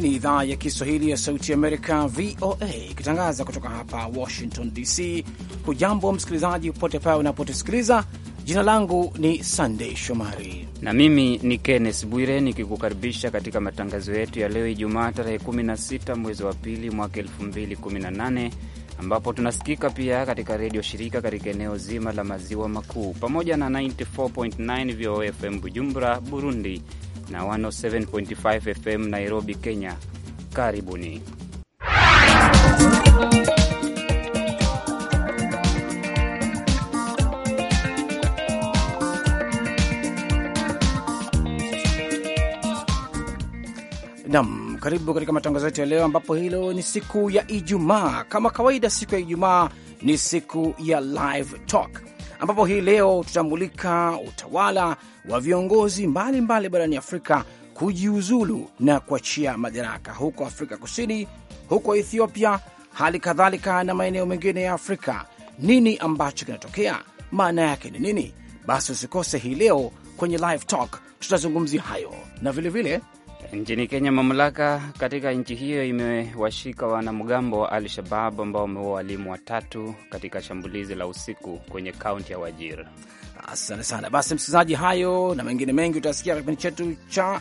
Hii ni idhaa ya Kiswahili ya Sauti Amerika, VOA, ikitangaza kutoka hapa Washington DC. Hujambo msikilizaji, popote pale unapotusikiliza. Jina langu ni Sandei Shomari na mimi ni Kennes Bwire nikikukaribisha katika matangazo yetu ya leo Ijumaa, tarehe 16 mwezi wa pili mwaka 2018 ambapo tunasikika pia katika redio shirika katika eneo zima la maziwa makuu pamoja na 94.9 VOA FM Bujumbura, Burundi na 107.5 FM Nairobi, Kenya. Karibuni. Nam, karibu katika matangazo yetu ya leo, ambapo hilo ni siku ya Ijumaa. Kama kawaida, siku ya Ijumaa ni siku ya live talk ambapo hii leo tutamulika utawala wa viongozi mbalimbali barani Afrika kujiuzulu na kuachia madaraka huko Afrika Kusini, huko Ethiopia, hali kadhalika na maeneo mengine ya Afrika. Nini ambacho kinatokea? Maana yake ni nini? Basi usikose hii leo kwenye Live Talk tutazungumzia hayo na vilevile vile, Nchini Kenya, mamlaka katika nchi hiyo imewashika wanamgambo wa Al Shabab ambao wameua walimu watatu katika shambulizi la usiku kwenye kaunti ya Wajir. Asante sana. Basi msikilizaji, hayo na mengine mengi utasikia katika kipindi chetu cha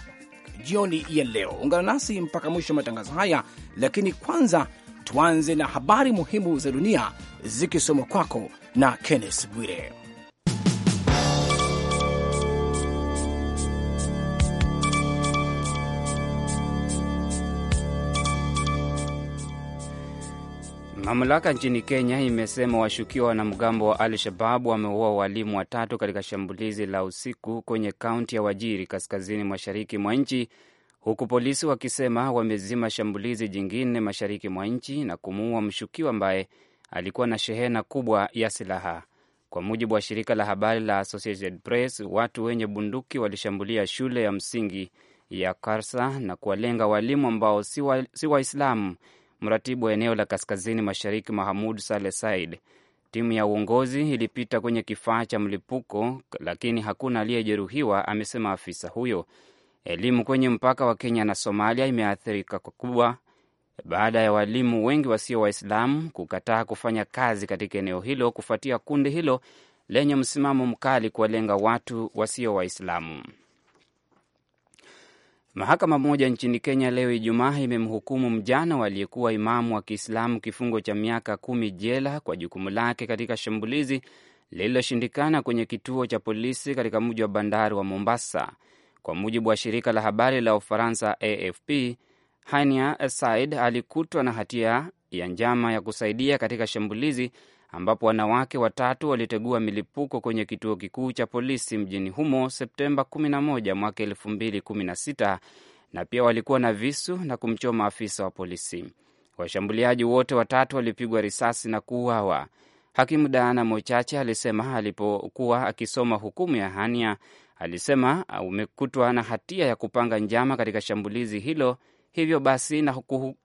jioni ya leo. Ungana nasi mpaka mwisho wa matangazo haya, lakini kwanza tuanze na habari muhimu za dunia zikisomwa kwako na Kenneth Bwire. Mamlaka nchini Kenya imesema washukiwa wanamgambo wa Al Shabab wameua walimu watatu katika shambulizi la usiku kwenye kaunti ya Wajiri, kaskazini mashariki mwa nchi, huku polisi wakisema wamezima shambulizi jingine mashariki mwa nchi na kumuua mshukiwa ambaye alikuwa na shehena kubwa ya silaha. Kwa mujibu wa shirika la habari la Associated Press, watu wenye bunduki walishambulia shule ya msingi ya Karsa na kuwalenga walimu ambao si Waislamu mratibu wa eneo la kaskazini mashariki Mahamud Saleh Said. Timu ya uongozi ilipita kwenye kifaa cha mlipuko, lakini hakuna aliyejeruhiwa, amesema afisa huyo. Elimu kwenye mpaka wa Kenya na Somalia imeathirika kubwa baada ya walimu wengi wasio Waislamu kukataa kufanya kazi katika eneo hilo kufuatia kundi hilo lenye msimamo mkali kuwalenga watu wasio Waislamu. Mahakama moja nchini Kenya leo Ijumaa imemhukumu mjana aliyekuwa imamu wa Kiislamu kifungo cha miaka kumi jela kwa jukumu lake katika shambulizi lililoshindikana kwenye kituo cha polisi katika mji wa bandari wa Mombasa. Kwa mujibu wa shirika la habari la Ufaransa AFP, Hania Said alikutwa na hatia ya njama ya kusaidia katika shambulizi ambapo wanawake watatu walitegua milipuko kwenye kituo kikuu cha polisi mjini humo Septemba 11 mwaka 2016 na pia walikuwa na visu na kumchoma afisa wa polisi. Washambuliaji wote watatu walipigwa risasi na kuuawa. Hakimu Daana Mochache alisema alipokuwa akisoma hukumu ya Hania, alisema umekutwa na hatia ya kupanga njama katika shambulizi hilo, hivyo basi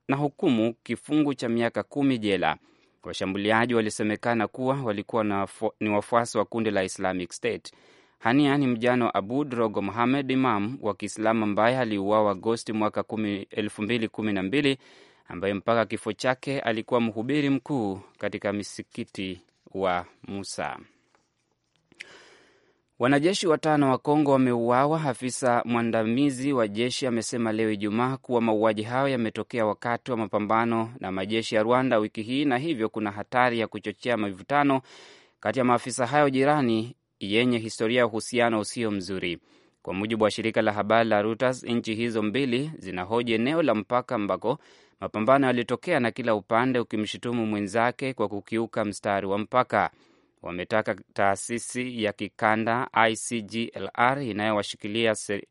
na hukumu kifungu cha miaka kumi jela. Washambuliaji walisemekana kuwa walikuwa ni wafuasi wa kundi la Islamic State. Hania ni mjano wa Abud Rogo muhamed imam wa Kiislamu ambaye aliuawa Agosti mwaka 212 ambaye mpaka kifo chake alikuwa mhubiri mkuu katika misikiti wa Musa. Wanajeshi watano wa Kongo wameuawa. Afisa mwandamizi wa jeshi amesema leo Ijumaa kuwa mauaji hayo yametokea wakati wa mapambano na majeshi ya Rwanda wiki hii, na hivyo kuna hatari ya kuchochea mivutano kati ya maafisa hayo jirani yenye historia ya uhusiano usio mzuri. Kwa mujibu wa shirika la habari la Reuters, nchi hizo mbili zinahoji eneo la mpaka ambako mapambano yalitokea, na kila upande ukimshutumu mwenzake kwa kukiuka mstari wa mpaka wametaka taasisi ya kikanda ICGLR inayowashikilia ser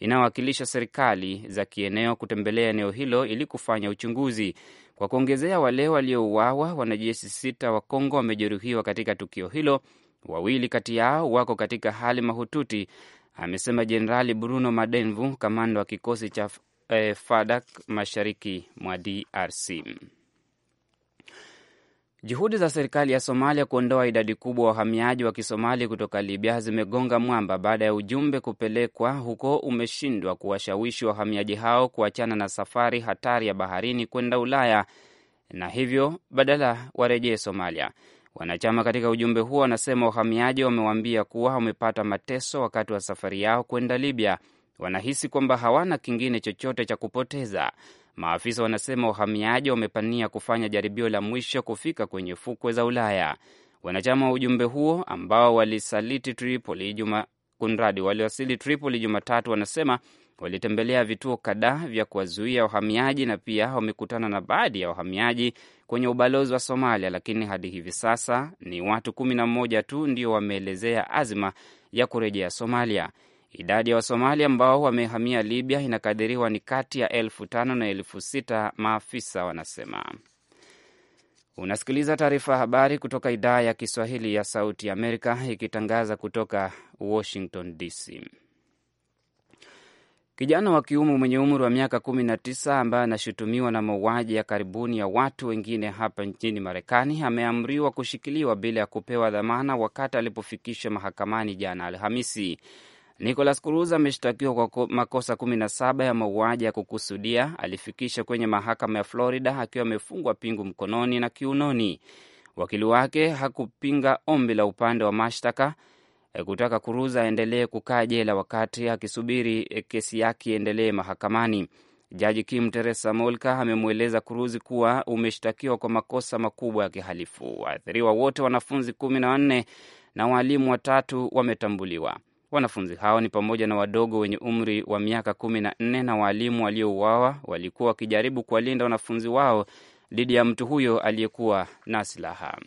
inayowakilisha serikali za kieneo kutembelea eneo hilo ili kufanya uchunguzi. Kwa kuongezea, wale waliouawa wanajeshi sita wa Kongo wamejeruhiwa katika tukio hilo, wawili kati yao wako katika hali mahututi, amesema Jenerali Bruno Madenvu, kamanda wa kikosi cha eh, FADAK mashariki mwa DRC. Juhudi za serikali ya Somalia kuondoa idadi kubwa wahamiaji wa Kisomali kutoka Libya zimegonga mwamba baada ya ujumbe kupelekwa huko umeshindwa kuwashawishi wahamiaji hao kuachana na safari hatari ya baharini kwenda Ulaya na hivyo badala warejee Somalia. Wanachama katika ujumbe huo wanasema wahamiaji wamewaambia kuwa wamepata mateso wakati wa safari yao kwenda Libya. Wanahisi kwamba hawana kingine chochote cha kupoteza. Maafisa wanasema wahamiaji wamepania kufanya jaribio la mwisho kufika kwenye fukwe za Ulaya. Wanachama wa ujumbe huo ambao walisaliti Tripoli juma kunradi waliwasili Tripoli Jumatatu wanasema walitembelea vituo kadhaa vya kuwazuia wahamiaji na pia wamekutana na baadhi ya wahamiaji kwenye ubalozi wa Somalia, lakini hadi hivi sasa ni watu kumi na mmoja tu ndio wameelezea azma ya kurejea Somalia. Idadi ya Wasomali ambao wamehamia Libya inakadiriwa ni kati ya elfu tano na elfu sita maafisa wanasema. Unasikiliza taarifa ya habari kutoka idhaa ya Kiswahili ya Sauti ya Amerika ikitangaza kutoka Washington DC. Kijana wa kiume mwenye umri wa miaka 19 ambaye anashutumiwa na mauaji ya karibuni ya watu wengine hapa nchini Marekani ameamriwa kushikiliwa bila ya kupewa dhamana wakati alipofikishwa mahakamani jana Alhamisi. Nicolas Cruz ameshtakiwa kwa makosa kumi na saba ya mauaji ya kukusudia alifikisha kwenye mahakama ya Florida akiwa amefungwa pingu mkononi na kiunoni. Wakili wake hakupinga ombi la upande wa mashtaka eh, kutaka Cruz aendelee kukaa jela wakati akisubiri eh, kesi yake iendelee mahakamani. Jaji Kim Teresa Molka amemweleza Cruz kuwa umeshtakiwa kwa makosa makubwa ya kihalifu. Waathiriwa wote wanafunzi kumi na wanne na waalimu watatu wametambuliwa. Wanafunzi hao ni pamoja na wadogo wenye umri wa miaka kumi na nne na waalimu waliouawa walikuwa wakijaribu kuwalinda wanafunzi wao dhidi ya mtu huyo aliyekuwa na silaha.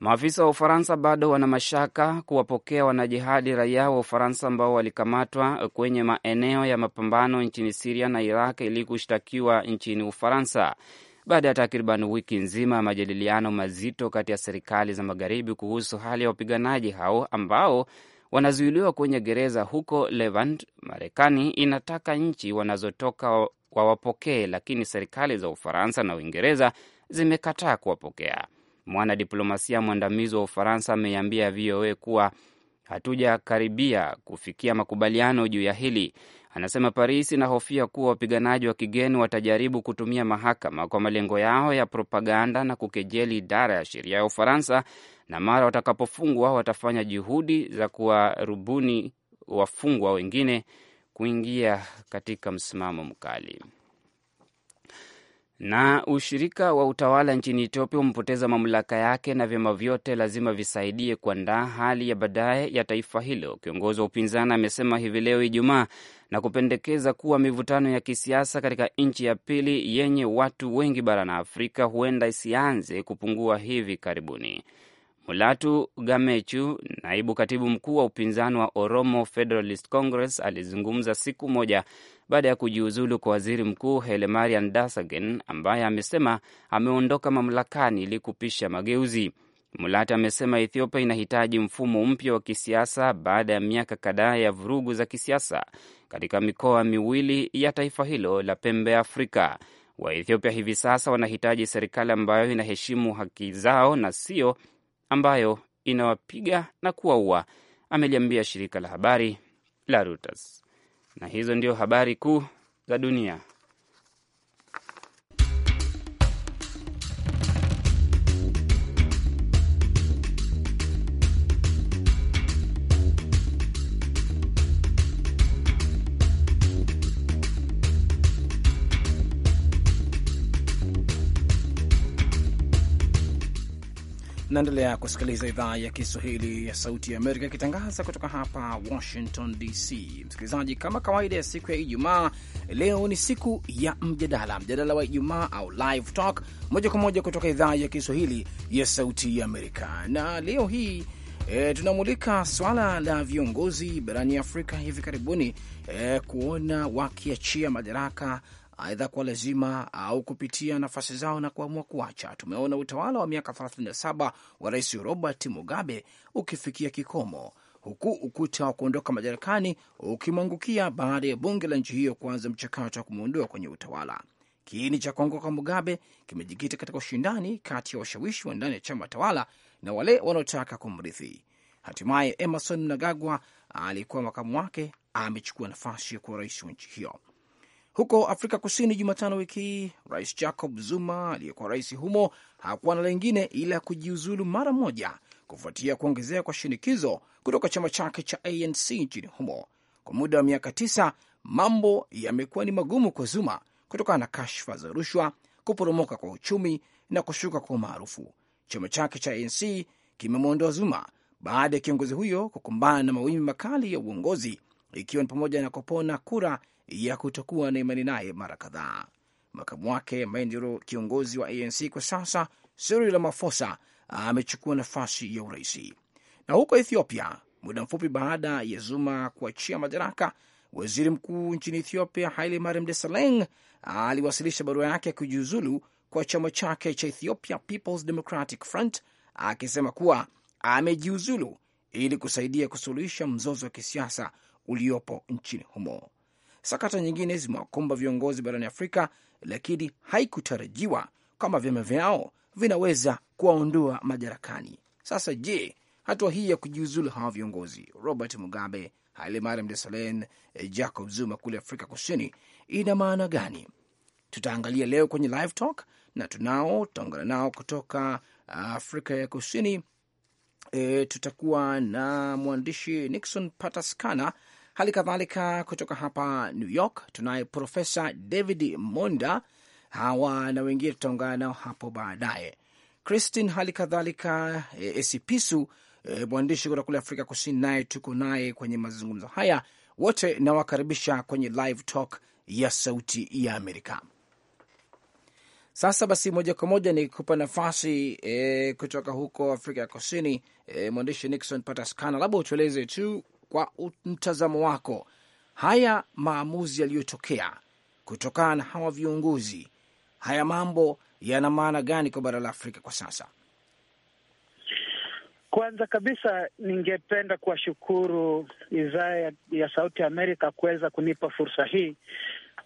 Maafisa wa Ufaransa bado wana mashaka kuwapokea wanajihadi raia wa Ufaransa ambao walikamatwa kwenye maeneo ya mapambano nchini Siria na Iraq ili kushtakiwa nchini Ufaransa baada ya takriban wiki nzima ya majadiliano mazito kati ya serikali za magharibi kuhusu hali ya wapiganaji hao ambao wanazuiliwa kwenye gereza huko Levant. Marekani inataka nchi wanazotoka wawapokee, lakini serikali za Ufaransa na Uingereza zimekataa kuwapokea. Mwanadiplomasia mwandamizi wa Ufaransa ameiambia VOA kuwa hatujakaribia kufikia makubaliano juu ya hili. Anasema Paris inahofia kuwa wapiganaji wa kigeni watajaribu kutumia mahakama kwa malengo yao ya propaganda na kukejeli idara ya sheria ya Ufaransa, na mara watakapofungwa watafanya juhudi za kuwarubuni wafungwa wengine kuingia katika msimamo mkali. Na ushirika wa utawala nchini Ethiopia umepoteza mamlaka yake na vyama vyote lazima visaidie kuandaa hali ya baadaye ya taifa hilo, kiongozi wa upinzani amesema hivi leo Ijumaa, na kupendekeza kuwa mivutano ya kisiasa katika nchi ya pili yenye watu wengi barani Afrika huenda isianze kupungua hivi karibuni. Mulatu Gamechu, naibu katibu mkuu wa upinzani wa Oromo Federalist Congress, alizungumza siku moja baada ya kujiuzulu kwa waziri mkuu Hailemariam Desalegn ambaye amesema ameondoka mamlakani ili kupisha mageuzi. mulati amesema Ethiopia inahitaji mfumo mpya wa kisiasa baada ya miaka kadhaa ya vurugu za kisiasa katika mikoa miwili ya taifa hilo la pembe ya Afrika. Waethiopia hivi sasa wanahitaji serikali ambayo inaheshimu haki zao na sio ambayo inawapiga na kuwaua, ameliambia shirika la habari la Reuters. Na hizo ndio habari kuu za dunia. Naendelea kusikiliza idhaa ya Kiswahili ya Sauti ya Amerika ikitangaza kutoka hapa Washington DC. Msikilizaji, kama kawaida ya siku ya Ijumaa, leo ni siku ya mjadala, mjadala wa Ijumaa au live talk, moja kwa moja kutoka idhaa ya Kiswahili ya Sauti ya Amerika. Na leo hii e, tunamulika swala la viongozi barani Afrika hivi karibuni e, kuona wakiachia madaraka aidha kwa lazima au kupitia nafasi zao na kuamua kuacha. Tumeona utawala wa miaka 37 wa Rais Robert Mugabe ukifikia kikomo huku ukuta wa kuondoka madarakani ukimwangukia baada ya bunge la nchi hiyo kuanza mchakato wa kumwondoa kwenye utawala. Kiini cha kuanguka Mugabe kimejikita katika ushindani kati ya washawishi wa ndani ya chama tawala na wale wanaotaka kumrithi. Hatimaye Emerson Mnangagwa alikuwa makamu wake amechukua nafasi ya kuwa rais wa nchi hiyo. Huko Afrika Kusini Jumatano wiki hii, Rais Jacob Zuma aliyekuwa rais humo hakuwa na lengine ila kujiuzulu mara moja kufuatia kuongezea kwa shinikizo kutoka chama chake cha ANC nchini humo. Kwa muda wa miaka tisa, mambo yamekuwa ni magumu kwa Zuma kutokana na kashfa za rushwa, kuporomoka kwa uchumi na kushuka kwa umaarufu. Chama chake cha ANC kimemwondoa Zuma baada ya kiongozi huyo kukumbana na mawimbi makali ya uongozi, ikiwa ni pamoja na kupona kura ya kutokuwa na imani naye mara kadhaa. Makamu wake ambaye ndio kiongozi wa ANC kwa sasa, Cyril Ramaphosa, amechukua nafasi ya uraisi. Na huko Ethiopia, muda mfupi baada ya Zuma kuachia madaraka, waziri mkuu nchini Ethiopia Haile Mariam Desalegn aliwasilisha barua yake ya kujiuzulu kwa chama chake cha Ethiopia Peoples Democratic Front akisema kuwa amejiuzulu ili kusaidia kusuluhisha mzozo wa kisiasa uliopo nchini humo. Sakata nyingine zimewakumba viongozi barani Afrika, lakini haikutarajiwa kama vyama vyao vinaweza kuwaondoa madarakani. Sasa je, hatua hii ya kujiuzulu hawa viongozi Robert Mugabe, Hailemariam Desalegn, Jacob Zuma kule Afrika Kusini ina maana gani? Tutaangalia leo kwenye Live Talk na tunao, tutaungana nao kutoka Afrika ya Kusini. E, tutakuwa na mwandishi Nixon Pataskana Hali kadhalika kutoka hapa New York tunaye Profesa David Monda. Hawa na wengine tutaungana nao hapo baadaye. Christine hali kadhalika Esipisu eh, eh, mwandishi kutoka kule Afrika Kusini, naye tuko naye kwenye mazungumzo haya. Wote nawakaribisha kwenye Live Talk ya Sauti ya Amerika. Sasa basi, moja kwa moja ni kupa nafasi e, kutoka huko Afrika ya Kusini e, mwandishi Nixon Pataskana, labda utueleze tu kwa mtazamo wako, haya maamuzi yaliyotokea kutokana na hawa viongozi, haya mambo yana maana gani kwa bara la Afrika kwa sasa? Kwanza kabisa ningependa kuwashukuru idhaa ya, ya Sauti ya Amerika kuweza kunipa fursa hii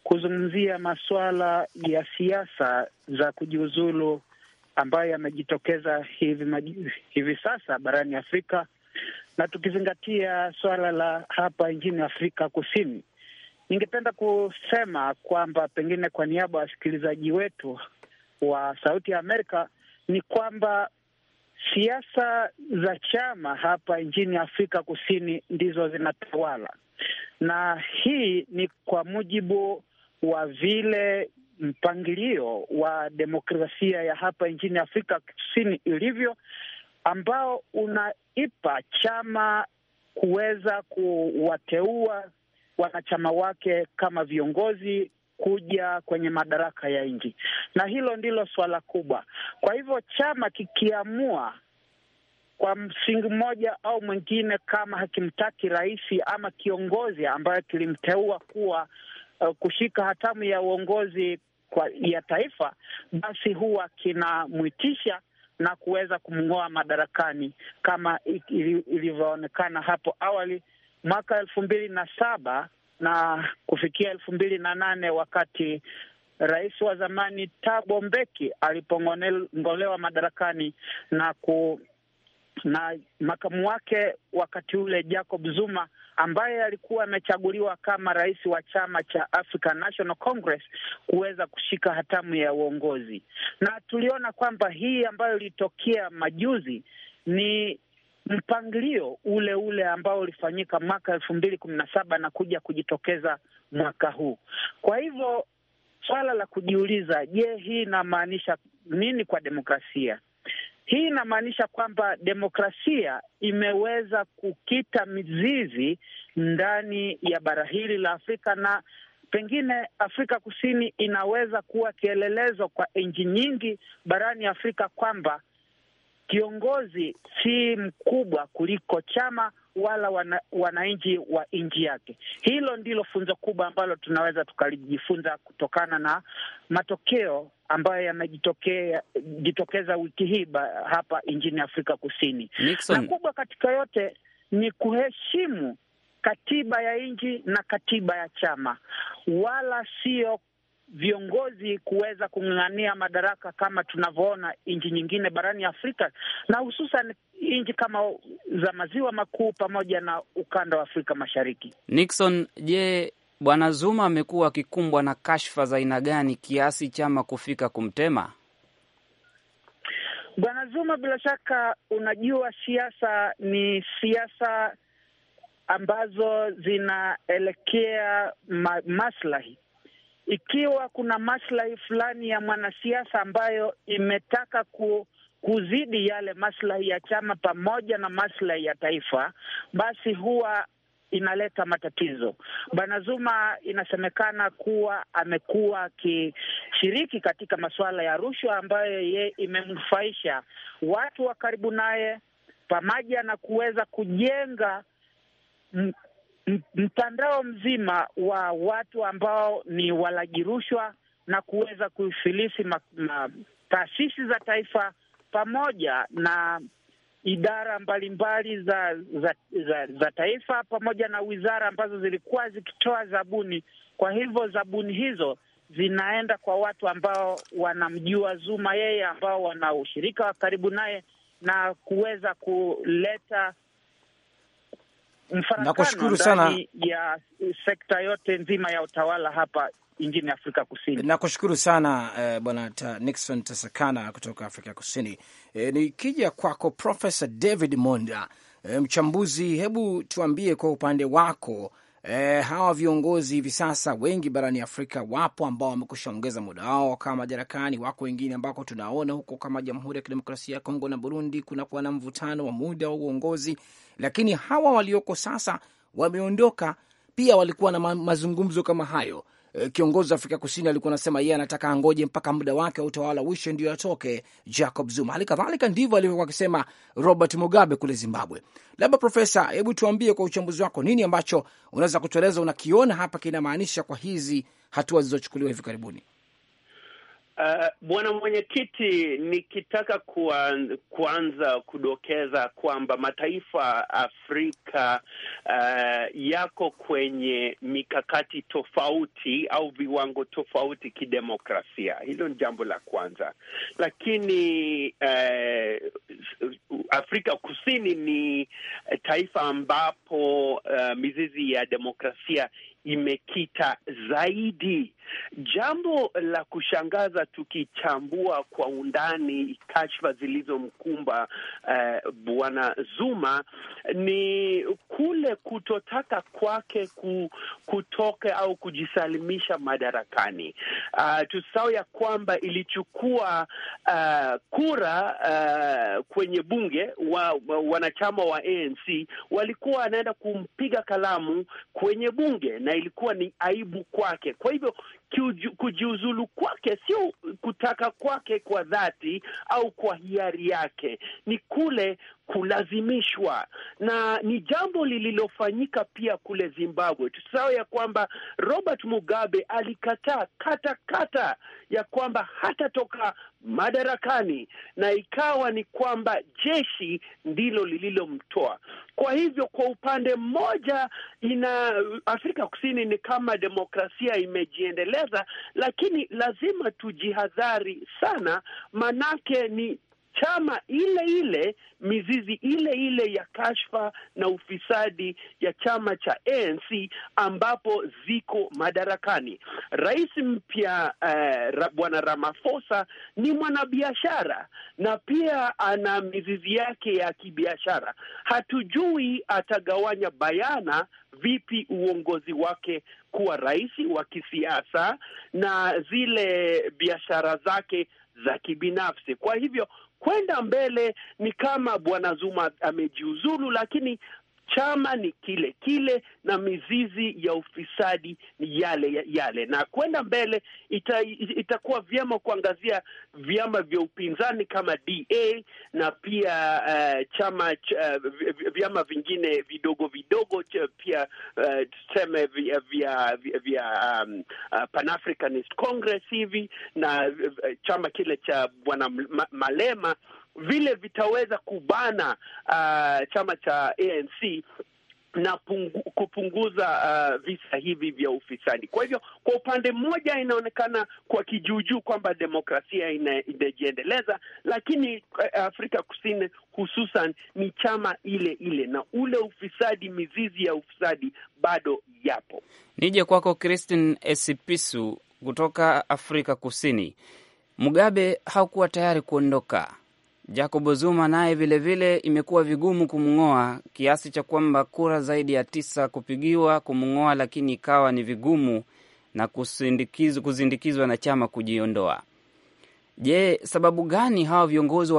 kuzungumzia masuala ya siasa za kujiuzulu ambayo yamejitokeza hivi, hivi sasa barani Afrika na tukizingatia suala la hapa nchini Afrika Kusini, ningependa kusema kwamba pengine kwa niaba ya wasikilizaji wetu wa Sauti ya Amerika ni kwamba siasa za chama hapa nchini Afrika Kusini ndizo zinatawala, na hii ni kwa mujibu wa vile mpangilio wa demokrasia ya hapa nchini Afrika Kusini ilivyo ambao unaipa chama kuweza kuwateua wanachama wake kama viongozi kuja kwenye madaraka ya nchi, na hilo ndilo suala kubwa. Kwa hivyo chama kikiamua kwa msingi mmoja au mwingine, kama hakimtaki rais ama kiongozi ambayo kilimteua kuwa uh, kushika hatamu ya uongozi kwa, ya taifa, basi huwa kinamwitisha na kuweza kumng'oa madarakani kama ilivyoonekana hapo awali mwaka elfu mbili na saba na kufikia elfu mbili na nane wakati rais wa zamani Thabo Mbeki alipong'olewa madarakani na ku na makamu wake wakati ule Jacob Zuma ambaye alikuwa amechaguliwa kama rais wa chama cha African National Congress kuweza kushika hatamu ya uongozi. Na tuliona kwamba hii ambayo ilitokea majuzi ni mpangilio ule ule ambao ulifanyika mwaka elfu mbili kumi na saba na kuja kujitokeza mwaka huu. Kwa hivyo swala la kujiuliza, je, hii inamaanisha nini kwa demokrasia? Hii inamaanisha kwamba demokrasia imeweza kukita mizizi ndani ya bara hili la Afrika na pengine Afrika Kusini inaweza kuwa kielelezo kwa nchi nyingi barani Afrika kwamba kiongozi si mkubwa kuliko chama wala wana, wananchi wa nchi yake. Hilo ndilo funzo kubwa ambalo tunaweza tukalijifunza kutokana na matokeo ambayo yamejitokeza wiki hii hapa nchini Afrika Kusini. Nixon. Na kubwa katika yote ni kuheshimu katiba ya nchi na katiba ya chama, wala sio viongozi kuweza kung'ang'ania madaraka kama tunavyoona nchi nyingine barani Afrika na hususan nchi kama za maziwa makuu pamoja na ukanda wa Afrika Mashariki. Nixon, je, Bwana Zuma amekuwa akikumbwa na kashfa za aina gani kiasi chama kufika kumtema? Bwana Zuma, bila shaka unajua siasa ni siasa ambazo zinaelekea ma maslahi ikiwa kuna maslahi fulani ya mwanasiasa ambayo imetaka ku kuzidi yale maslahi ya chama pamoja na maslahi ya taifa, basi huwa inaleta matatizo. Bwana Zuma inasemekana kuwa amekuwa akishiriki katika masuala ya rushwa ambayo ye imemnufaisha watu wa karibu naye pamoja na kuweza kujenga mtandao mzima wa watu ambao ni walaji rushwa na kuweza kuifilisi taasisi za taifa pamoja na idara mbalimbali za, za za za taifa pamoja na wizara ambazo zilikuwa zikitoa zabuni. Kwa hivyo zabuni hizo zinaenda kwa watu ambao wanamjua Zuma yeye, ambao wana ushirika wa karibu naye na kuweza kuleta Nakushukuru sana ya sekta yote nzima ya utawala hapa nchini Afrika Kusini. Nakushukuru sana eh, bwana ta Nixon Tasakana kutoka Afrika Kusini. Eh, nikija kwako Profesa David Monda, eh, mchambuzi, hebu tuambie kwa upande wako eh, hawa viongozi hivi sasa wengi barani Afrika wapo ambao wamekusha ongeza muda wao kama madarakani, wako wengine ambako tunaona huko kama Jamhuri ya Kidemokrasia ya Kongo na Burundi kunakuwa na mvutano wa muda wa uongozi lakini hawa walioko sasa wameondoka. Pia walikuwa na ma mazungumzo kama hayo. Eh, kiongozi wa Afrika Kusini alikuwa anasema yeye anataka angoje mpaka muda wake wa utawala uishe ndio atoke Jacob Zuma. Hali kadhalika ndivyo alivyokuwa akisema Robert Mugabe kule Zimbabwe. Labda Profesa, hebu tuambie kwa uchambuzi wako, nini ambacho unaweza kutueleza unakiona hapa kinamaanisha kwa hizi hatua zilizochukuliwa hivi karibuni? Uh, bwana mwenyekiti, nikitaka kuanza kudokeza kwamba mataifa Afrika uh, yako kwenye mikakati tofauti au viwango tofauti kidemokrasia. Hilo ni jambo la kwanza, lakini uh, Afrika Kusini ni taifa ambapo uh, mizizi ya demokrasia imekita zaidi. Jambo la kushangaza tukichambua kwa undani kashfa zilizomkumba uh, bwana Zuma ni kule kutotaka kwake ku, kutoke au kujisalimisha madarakani. Uh, ah, tusao ya kwamba ilichukua uh, kura uh, kwenye bunge wa, wa, wanachama wa ANC walikuwa wanaenda kumpiga kalamu kwenye bunge na na ilikuwa ni aibu kwake. Kwa hivyo kujiuzulu kwake sio kutaka kwake kwa dhati au kwa hiari yake, ni kule kulazimishwa, na ni jambo lililofanyika pia kule Zimbabwe. Tusahau ya kwamba Robert Mugabe alikataa kata kata ya kwamba hatatoka madarakani, na ikawa ni kwamba jeshi ndilo lililomtoa. Kwa hivyo, kwa upande mmoja, ina Afrika Kusini ni kama demokrasia imejiendelea Uingereza, lakini lazima tujihadhari sana, manake ni chama ile ile, mizizi ile ile ya kashfa na ufisadi ya chama cha ANC ambapo ziko madarakani. Rais mpya uh, Bwana Ramaphosa ni mwanabiashara na pia ana mizizi yake ya kibiashara. Hatujui atagawanya bayana vipi uongozi wake kuwa rais wa kisiasa na zile biashara zake za kibinafsi. Kwa hivyo kwenda mbele ni kama Bwana Zuma amejiuzulu, lakini chama ni kile kile na mizizi ya ufisadi ni yale yale, na kwenda mbele ita, itakuwa vyema kuangazia vyama vya upinzani kama DA na pia uh, chama ch, eh, uh, vyama vingine vidogo vidogo ch, eh, pia uh, tuseme vya, vya, vya um, uh, Pan-Africanist Congress hivi na uh, chama kile cha bwana Malema vile vitaweza kubana uh, chama cha ANC na pungu, kupunguza uh, visa hivi vya ufisadi. Kwa hivyo kwa upande mmoja inaonekana kwa kijuujuu kwamba demokrasia inajiendeleza, lakini uh, Afrika Kusini hususan ni chama ile ile, na ule ufisadi, mizizi ya ufisadi bado yapo. Nije kwako Christine Esipisu kutoka Afrika Kusini. Mugabe hakuwa tayari kuondoka Jacob Zuma naye vilevile imekuwa vigumu kumng'oa kiasi cha kwamba kura zaidi ya tisa kupigiwa kumng'oa, lakini ikawa ni vigumu na kusindikizwa, kuzindikizwa na chama kujiondoa. Je, sababu gani hawa viongozi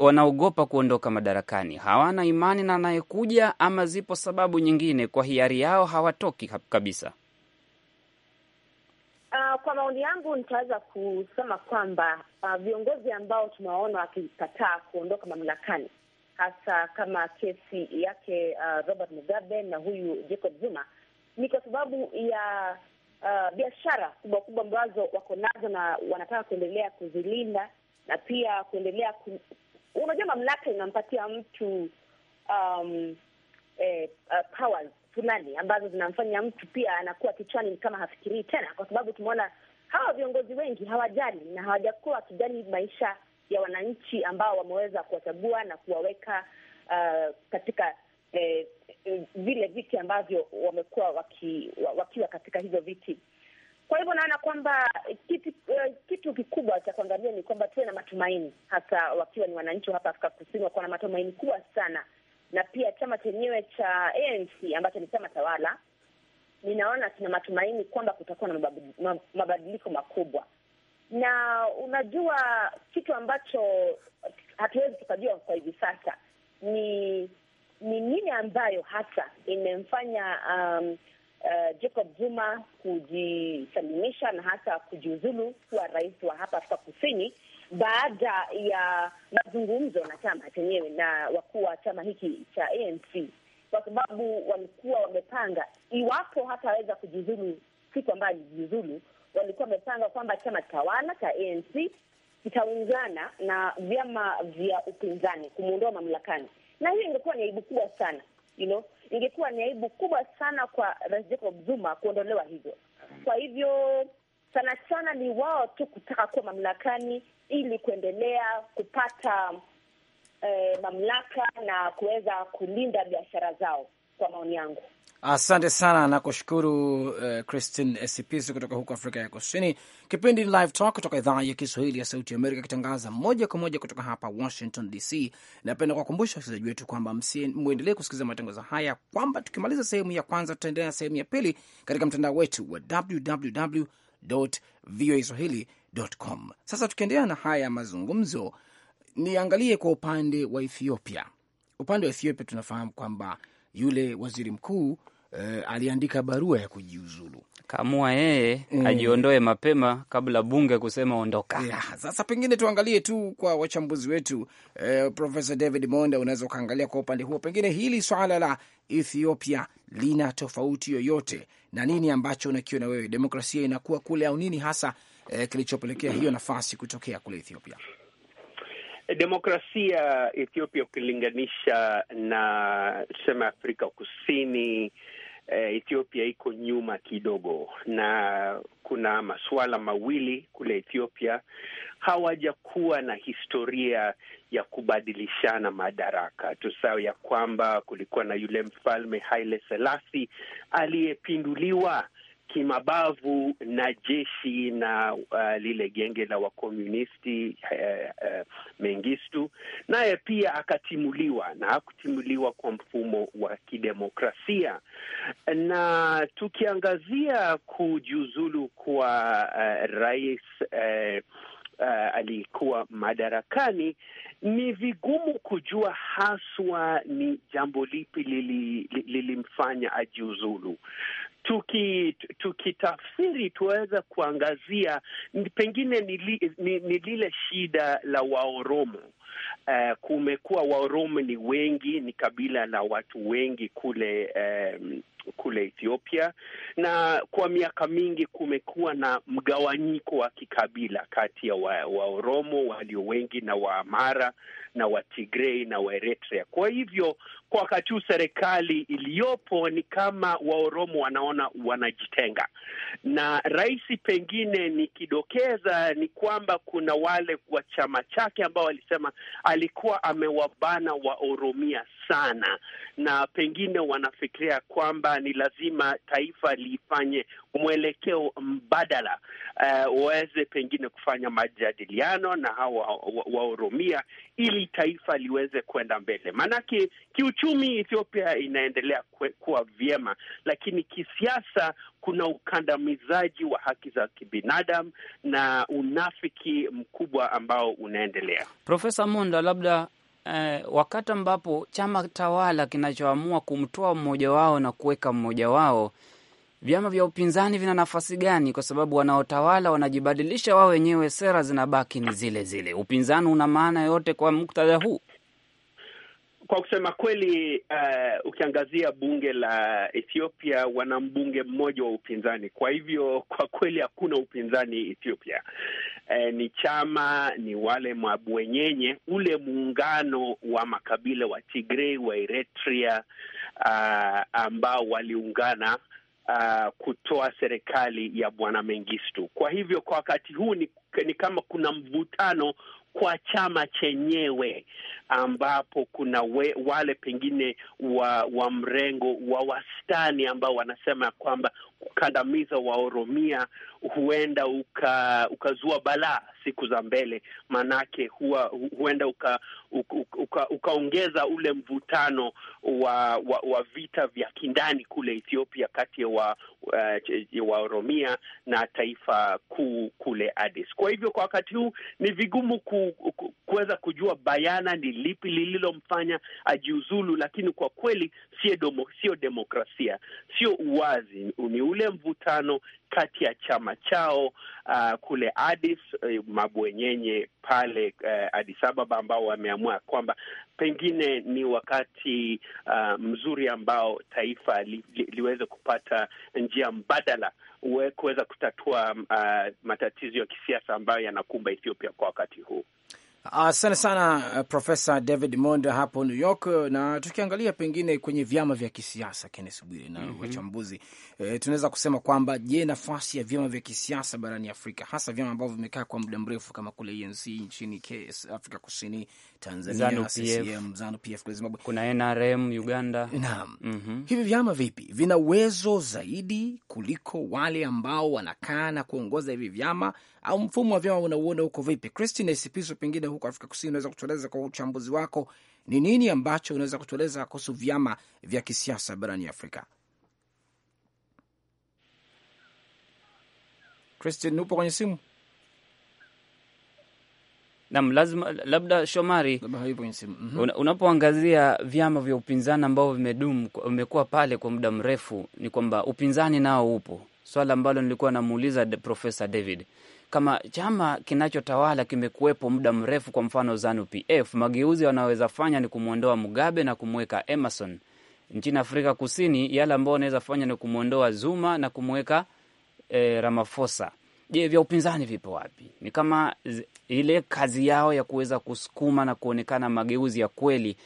wanaogopa kuondoka madarakani? Hawana imani na anayekuja, ama zipo sababu nyingine? Kwa hiari yao hawatoki kabisa kwa maoni yangu nitaweza kusema kwamba uh, viongozi ambao tunawaona wakikataa kuondoka mamlakani hasa kama kesi yake uh, Robert Mugabe na huyu Jacob Zuma ni kwa sababu ya uh, biashara kubwa kubwa ambazo wako nazo na wanataka kuendelea kuzilinda na pia kuendelea ku... Unajua, mamlaka inampatia mtu um, eh, uh, powers fulani ambazo zinamfanya mtu pia anakuwa kichwani kama hafikirii tena, kwa sababu tumeona hawa viongozi wengi hawajali na hawajakuwa wakijali maisha ya wananchi ambao wameweza kuwachagua na kuwaweka uh, katika eh, eh vile viti ambavyo wamekuwa waki, wakiwa katika hivyo viti. Kwa hivyo naona kwamba kitu, uh, kitu kikubwa cha kuangalia ni kwamba tuwe na matumaini, hasa wakiwa ni wananchi wa hapa Afrika Kusini, wakuwa na matumaini kubwa sana na pia chama chenyewe cha ANC ambacho ni chama tawala, ninaona kina matumaini kwamba kutakuwa na mabadiliko makubwa. Na unajua kitu ambacho hatuwezi tukajua kwa hivi sasa ni ni nini ambayo hasa imemfanya um, Uh, Jacob Zuma kujisalimisha na hata kujiuzulu kuwa rais wa hapa Afrika Kusini, baada ya mazungumzo na chama chenyewe na wakuu wa chama hiki cha ANC, kwa sababu walikuwa wamepanga iwapo hataweza kujiuzulu siku ambayo alijiuzulu, walikuwa wamepanga kwamba chama tawala cha ANC kitaungana na vyama vya upinzani kumwondoa mamlakani, na hiyo ingekuwa ni aibu kubwa sana you know? Ingekuwa ni aibu kubwa sana kwa Rais Jacob Zuma kuondolewa hivyo. Kwa hivyo sana sana ni wao tu kutaka kuwa mamlakani ili kuendelea kupata eh, mamlaka na kuweza kulinda biashara zao, kwa maoni yangu. Asante sana na kushukuru uh, Christine Esipisu kutoka huko Afrika ya Kusini. Kipindi ni Live Talk kutoka idhaa ya Kiswahili ya Sauti ya Amerika, ikitangaza moja kwa moja kutoka hapa Washington DC. Napenda kuwakumbusha wasikilizaji wetu kwamba mwendelee kusikiliza matangazo haya, kwamba tukimaliza sehemu ya kwanza tutaendelea na sehemu ya pili katika mtandao wetu wa www voa Sasa tukiendelea na haya mazungumzo, niangalie kwa upande wa Ethiopia. Upande wa Ethiopia tunafahamu kwamba yule waziri mkuu eh, aliandika barua ya kujiuzulu kamua yeye mm, ajiondoe mapema kabla bunge kusema ondoka. Yeah, sasa pengine tuangalie tu kwa wachambuzi wetu eh, Profesa David Monda, unaweza ukaangalia kwa upande huo, pengine hili swala la Ethiopia lina tofauti yoyote na nini ambacho unakiona wewe, demokrasia inakuwa kule au nini hasa eh, kilichopelekea hiyo nafasi kutokea kule Ethiopia? Demokrasia Ethiopia ukilinganisha na sema Afrika Kusini Eh, Ethiopia iko nyuma kidogo, na kuna masuala mawili kule Ethiopia, hawajakuwa na historia ya kubadilishana madaraka. Tusao ya kwamba kulikuwa na yule mfalme Haile Selassie aliyepinduliwa kimabavu na jeshi na uh, lile genge la wakomunisti uh, uh, Mengistu naye pia akatimuliwa na hakutimuliwa kwa mfumo wa kidemokrasia. Na tukiangazia kujiuzulu kwa uh, rais uh, Uh, aliyekuwa madarakani, ni vigumu kujua haswa ni jambo lipi lilimfanya li ajiuzulu. Tuki kitafsiri tuweza kuangazia pengine ni, li, ni, ni lile shida la Waoromo. Uh, kumekuwa Waoromo ni wengi, ni kabila la watu wengi kule um, kule Ethiopia na kwa miaka mingi kumekuwa na mgawanyiko wa kikabila kati ya Waoromo wa walio wengi na Waamara na Watigrei na Waeritrea. Kwa hivyo kwa wakati huu serikali iliyopo ni kama Waoromo wanaona wanajitenga, na rais pengine nikidokeza ni kwamba kuna wale wa chama chake ambao walisema alikuwa amewabana Waoromia sana, na pengine wanafikiria kwamba ni lazima taifa lifanye mwelekeo mbadala, eh, waweze pengine kufanya majadiliano na hawa Waoromia wa ili taifa liweze kwenda mbele. Maanake kiuchumi Ethiopia inaendelea kwe, kuwa vyema, lakini kisiasa kuna ukandamizaji wa haki za kibinadamu na unafiki mkubwa ambao unaendelea. Profesa Monda, labda eh, wakati ambapo chama tawala kinachoamua kumtoa mmoja wao na kuweka mmoja wao vyama vya upinzani vina nafasi gani? Kwa sababu wanaotawala wanajibadilisha wao wenyewe, sera zinabaki ni zile zile. Upinzani una maana yote kwa muktadha huu? Kwa kusema kweli, uh, ukiangazia bunge la Ethiopia wana mbunge mmoja wa upinzani. Kwa hivyo kwa kweli hakuna upinzani Ethiopia. Uh, ni chama ni wale mabwenyenye, ule muungano wa makabila wa tigrei wa Eritrea, uh, ambao waliungana uh, kutoa serikali ya bwana Mengistu. Kwa hivyo kwa wakati huu ni, ni kama kuna mvutano kwa chama chenyewe ambapo kuna we, wale pengine wa, wa mrengo wa wastani ambao wanasema kwamba kandamiza wa Oromia huenda uka, ukazua balaa siku za mbele, maanake huwa huenda ukaongeza uka, uka ule mvutano wa, wa wa vita vya kindani kule Ethiopia kati ya wa, uh, wa Oromia na taifa kuu kule Addis. Kwa hivyo kwa wakati huu ni vigumu ku, ku, kuweza kujua bayana ni lipi lililomfanya ajiuzulu, lakini kwa kweli sio demokrasia, sio uwazi uni ule mvutano kati ya chama chao uh, kule Addis uh, mabwenyenye pale uh, Addis Ababa ambao wameamua kwamba pengine ni wakati uh, mzuri ambao taifa li, li, liweze kupata njia mbadala kuweza kutatua uh, matatizo ya kisiasa ambayo yanakumba Ethiopia kwa wakati huu. Asante sana uh, Profesa David Monda hapo New York. Uh, na tukiangalia pengine kwenye vyama vya kisiasa Kennes Bwire na mm -hmm. wachambuzi e, tunaweza kusema kwamba je, nafasi ya vyama vya kisiasa barani Afrika, hasa vyama ambavyo vimekaa kwa muda mrefu kama kule ANC nchini Afrika Kusini Tanzania, Zanu Zimbabwe, kuna NRM Uganda. Naam. mm -hmm. Hivi vyama vipi vina uwezo zaidi kuliko wale ambao wanakaa na kuongoza hivi vyama, au mfumo wa vyama unauona huko vipi? Christine Sipiso, pengine huko Afrika Kusini unaweza kutueleza kwa uchambuzi wako ni nini ambacho unaweza kutueleza kuhusu vyama vya kisiasa barani Afrika? Christine, upo kwenye simu? Nam lazima labda Shomari, mhm. Unapoangazia vyama vya upinzani ambavyo vimedumu vimekuwa pale kwa muda mrefu, ni kwamba upinzani nao upo, swala ambalo nilikuwa namuuliza Profesa David kama chama kinachotawala kimekuwepo muda mrefu, kwa mfano Zanu PF, mageuzi wanaweza fanya ni kumwondoa Mugabe na kumweka Emerson. Nchini Afrika Kusini, yale ambao wanaweza fanya ni kumwondoa Zuma na kumweka eh, Ramafosa. Je, vya upinzani vipo wapi? Ni kama ile kazi yao ya kuweza kusukuma na kuonekana mageuzi ya kweli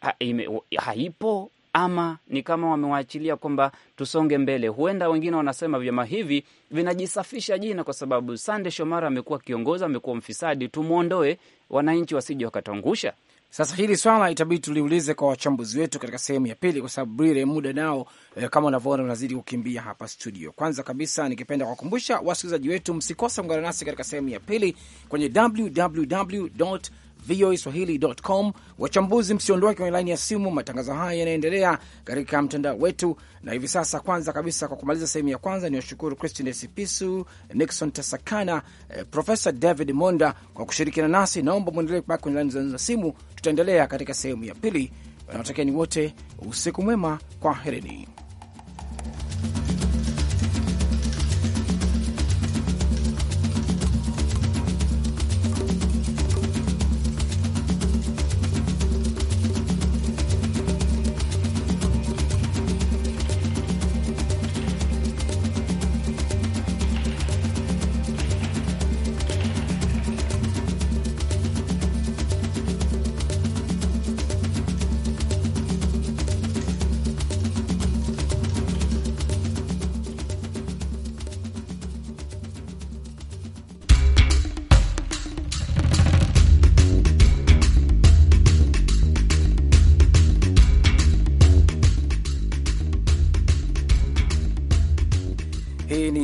ha, ime, haipo ama ni kama wamewaachilia kwamba tusonge mbele. Huenda wengine wanasema vyama hivi vinajisafisha jina, kwa sababu Sande Shomara amekuwa kiongozi, amekuwa mfisadi, tumwondoe, wananchi wasije wakatangusha. Sasa hili swala itabidi tuliulize kwa wachambuzi wetu katika sehemu ya pili, kwa sababu Bwire, muda nao eh, kama unavyoona unazidi kukimbia hapa studio. Kwanza kabisa, nikipenda kuwakumbusha wasikilizaji wetu, msikose kungana nasi katika sehemu ya pili kwenye www VOA Swahili.com. Wachambuzi, msiondoke kwenye laini ya simu, matangazo haya yanaendelea katika mtandao wetu. Na hivi sasa, kwanza kabisa, kwa kumaliza sehemu ya kwanza, ni washukuru Christine Sipisu, Nixon Tasakana, eh, Profesa David Monda kwa kushirikiana nasi. Naomba mwendelee kubaki kwenye laini za simu, tutaendelea katika sehemu ya pili. ni wote usiku mwema, kwaherini.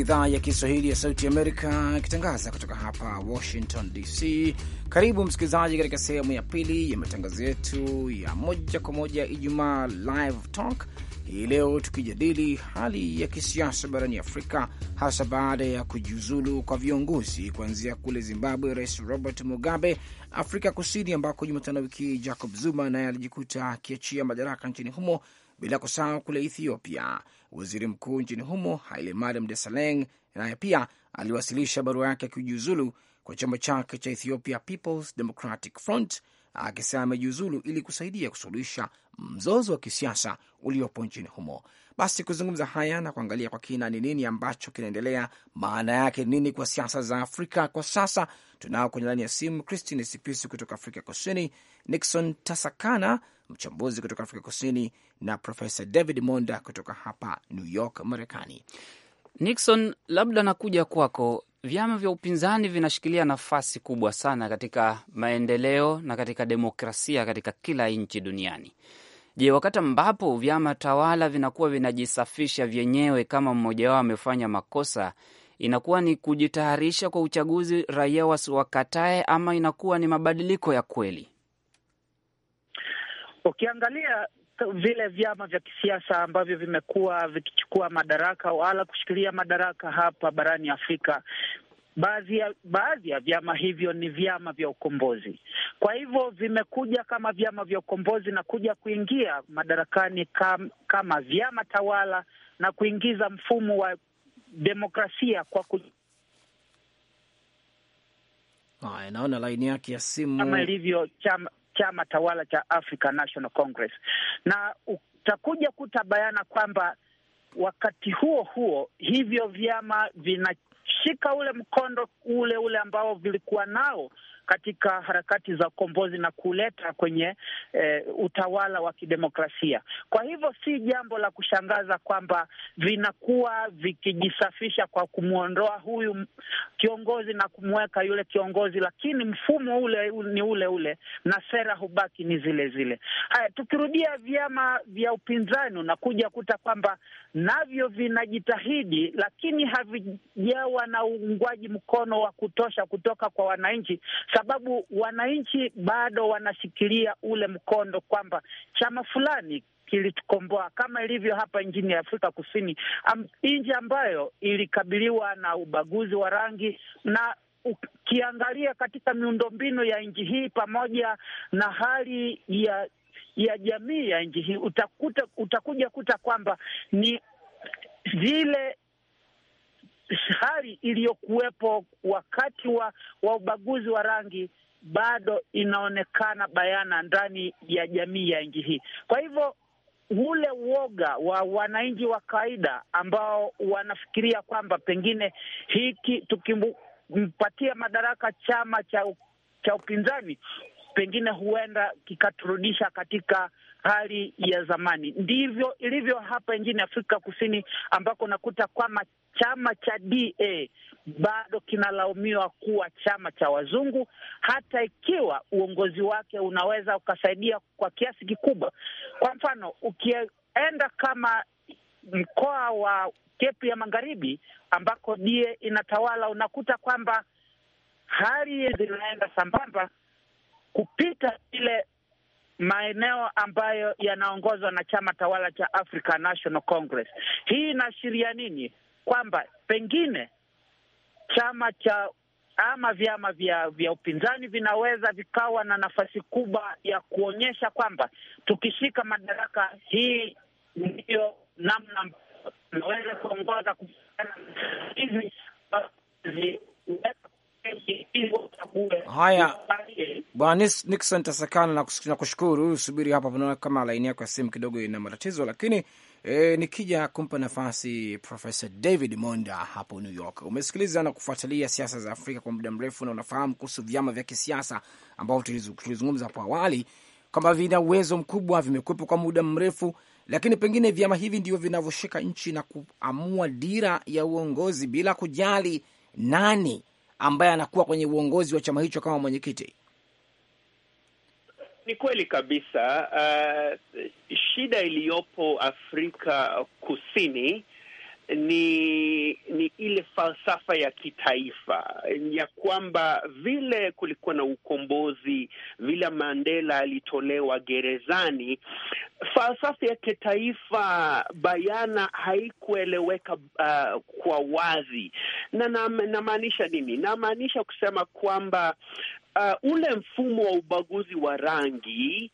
idhaa ya Kiswahili ya Sauti Amerika ikitangaza kutoka hapa Washington DC. Karibu msikilizaji, katika sehemu ya pili ya matangazo yetu ya moja kwa moja Ijumaa Live Talk hii leo, tukijadili hali ya kisiasa barani Afrika, hasa baada ya kujiuzulu kwa viongozi kuanzia kule Zimbabwe, Rais Robert Mugabe, Afrika Kusini ambako Jumatano wiki Jacob Zuma naye alijikuta akiachia madaraka nchini humo bila kusahau kule Ethiopia. Waziri mkuu nchini humo Hailemariam Desalegn naye pia aliwasilisha barua yake akijiuzulu kwa chama chake cha Ethiopia Peoples Democratic Front, akisema amejiuzulu ili kusaidia kusuluhisha mzozo wa kisiasa uliopo nchini humo. Basi kuzungumza haya na kuangalia kwa kina ni nini ambacho kinaendelea, maana yake nini kwa siasa za Afrika kwa sasa, tunao kwenye laini ya simu Christine Sipisi kutoka Afrika Kusini, Nixon Tasakana mchambuzi kutoka Afrika Kusini na Profesa David Monda kutoka hapa New York, Marekani. Nixon, labda nakuja kwako. Vyama vya upinzani vinashikilia nafasi kubwa sana katika maendeleo na katika demokrasia katika kila nchi duniani. Je, wakati ambapo vyama tawala vinakuwa vinajisafisha vyenyewe, kama mmoja wao amefanya makosa, inakuwa ni kujitayarisha kwa uchaguzi, raia wasiwakatae, ama inakuwa ni mabadiliko ya kweli? ukiangalia vile vyama vya kisiasa ambavyo vimekuwa vikichukua madaraka wala kushikilia madaraka hapa barani Afrika, baadhi ya baadhi ya vyama hivyo ni vyama vya ukombozi. Kwa hivyo vimekuja kama vyama vya ukombozi na kuja kuingia madarakani kam, kama vyama tawala na kuingiza mfumo wa demokrasia kwa ku... Haya, naona laini yake ya simu kama ilivyo chama chama tawala cha African National Congress, na utakuja kuta bayana kwamba wakati huo huo hivyo vyama vinashika ule mkondo ule ule ambao vilikuwa nao katika harakati za ukombozi na kuleta kwenye eh, utawala wa kidemokrasia. Kwa hivyo si jambo la kushangaza kwamba vinakuwa vikijisafisha kwa kumwondoa huyu kiongozi na kumweka yule kiongozi, lakini mfumo ule ni ule ule na sera hubaki ni zile zile. Haya, tukirudia vyama vya upinzani unakuja kuta kwamba navyo vinajitahidi, lakini havijawa na uungwaji mkono wa kutosha kutoka kwa wananchi, sababu wananchi bado wanashikilia ule mkondo kwamba chama fulani kilitukomboa kama ilivyo hapa nchini ya Afrika Kusini, Am, nchi ambayo ilikabiliwa na ubaguzi wa rangi na ukiangalia katika miundombinu ya nchi hii pamoja na hali ya ya jamii ya nchi hii, utakuta utakuja kuta kwamba ni zile hali iliyokuwepo wakati wa, wa ubaguzi wa rangi bado inaonekana bayana ndani ya jamii ya nchi hii. Kwa hivyo ule uoga wa wananchi wa kawaida ambao wanafikiria kwamba pengine hiki tukimpatia madaraka chama cha cha upinzani pengine huenda kikaturudisha katika hali ya zamani. Ndivyo ilivyo hapa nchini Afrika Kusini, ambako unakuta kwamba chama cha DA bado kinalaumiwa kuwa chama cha wazungu, hata ikiwa uongozi wake unaweza ukasaidia kwa kiasi kikubwa. Kwa mfano, ukienda kama mkoa wa Kepu ya Magharibi ambako DA inatawala, unakuta kwamba hali zinaenda sambamba kupita ile maeneo ambayo yanaongozwa na chama tawala cha African National Congress. Hii inaashiria nini? Kwamba pengine chama cha ama vyama vya vya upinzani vinaweza vikawa na nafasi kubwa ya kuonyesha kwamba tukishika madaraka, hii ndiyo namna tunaweza kuongoza hizi Haya, Bwana Nixon Tasakana, nakushukuru. Subiri hapa, unaona kama laini yako ya simu kidogo ina matatizo, lakini e, nikija kumpa nafasi Profesa David Monda hapo New York. Umesikiliza na kufuatilia siasa za Afrika kwa muda mrefu, na unafahamu kuhusu vyama vya kisiasa ambavyo tulizungumza hapo awali kwamba vina uwezo mkubwa, vimekwepo kwa muda mrefu, lakini pengine vyama hivi ndivyo vinavyoshika nchi na kuamua dira ya uongozi bila kujali nani ambaye anakuwa kwenye uongozi wa chama hicho kama mwenyekiti? Ni kweli kabisa. Uh, shida iliyopo Afrika Kusini ni ni ile falsafa ya kitaifa ya kwamba vile kulikuwa na ukombozi, vile Mandela alitolewa gerezani, falsafa ya kitaifa bayana haikueleweka uh, kwa wazi. Na namaanisha nini? Namaanisha kusema kwamba Uh, ule mfumo wa ubaguzi wa rangi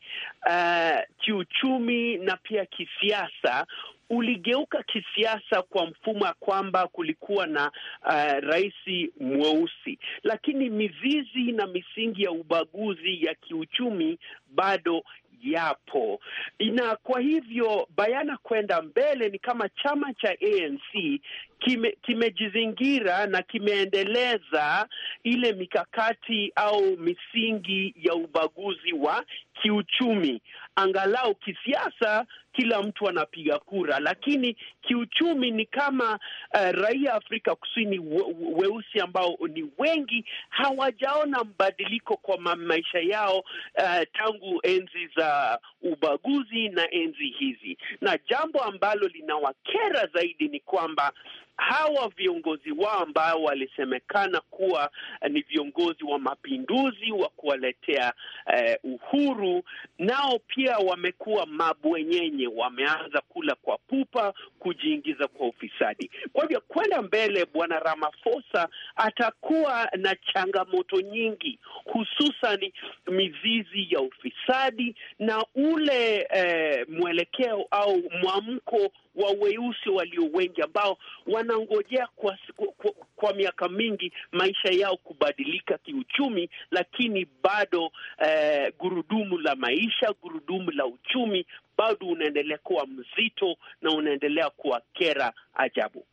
uh, kiuchumi na pia kisiasa uligeuka kisiasa kwa mfumo ya kwamba kulikuwa na uh, rais mweusi, lakini mizizi na misingi ya ubaguzi ya kiuchumi bado yapo na kwa hivyo bayana kwenda mbele ni kama chama cha ANC kime, kimejizingira na kimeendeleza ile mikakati au misingi ya ubaguzi wa kiuchumi. Angalau kisiasa kila mtu anapiga kura, lakini kiuchumi ni kama uh, raia Afrika Kusini we, weusi ambao ni wengi hawajaona mbadiliko kwa maisha yao uh, tangu enzi za ubaguzi na enzi hizi, na jambo ambalo linawakera zaidi ni kwamba hawa viongozi wao ambao walisemekana kuwa eh, ni viongozi wa mapinduzi wa kuwaletea eh, uhuru, nao pia wamekuwa mabwenyenye, wameanza kula kwa pupa ku kujiingiza kwa ufisadi. Kwa hivyo kwenda mbele, bwana Ramaphosa atakuwa na changamoto nyingi, hususan mizizi ya ufisadi na ule eh, mwelekeo au mwamko wa weusi walio wengi ambao wanangojea kwa, kwa, kwa miaka mingi maisha yao kubadilika kiuchumi, lakini bado eh, gurudumu la maisha, gurudumu la uchumi bado unaendelea kuwa mzito na unaendelea kuwa kera ajabu.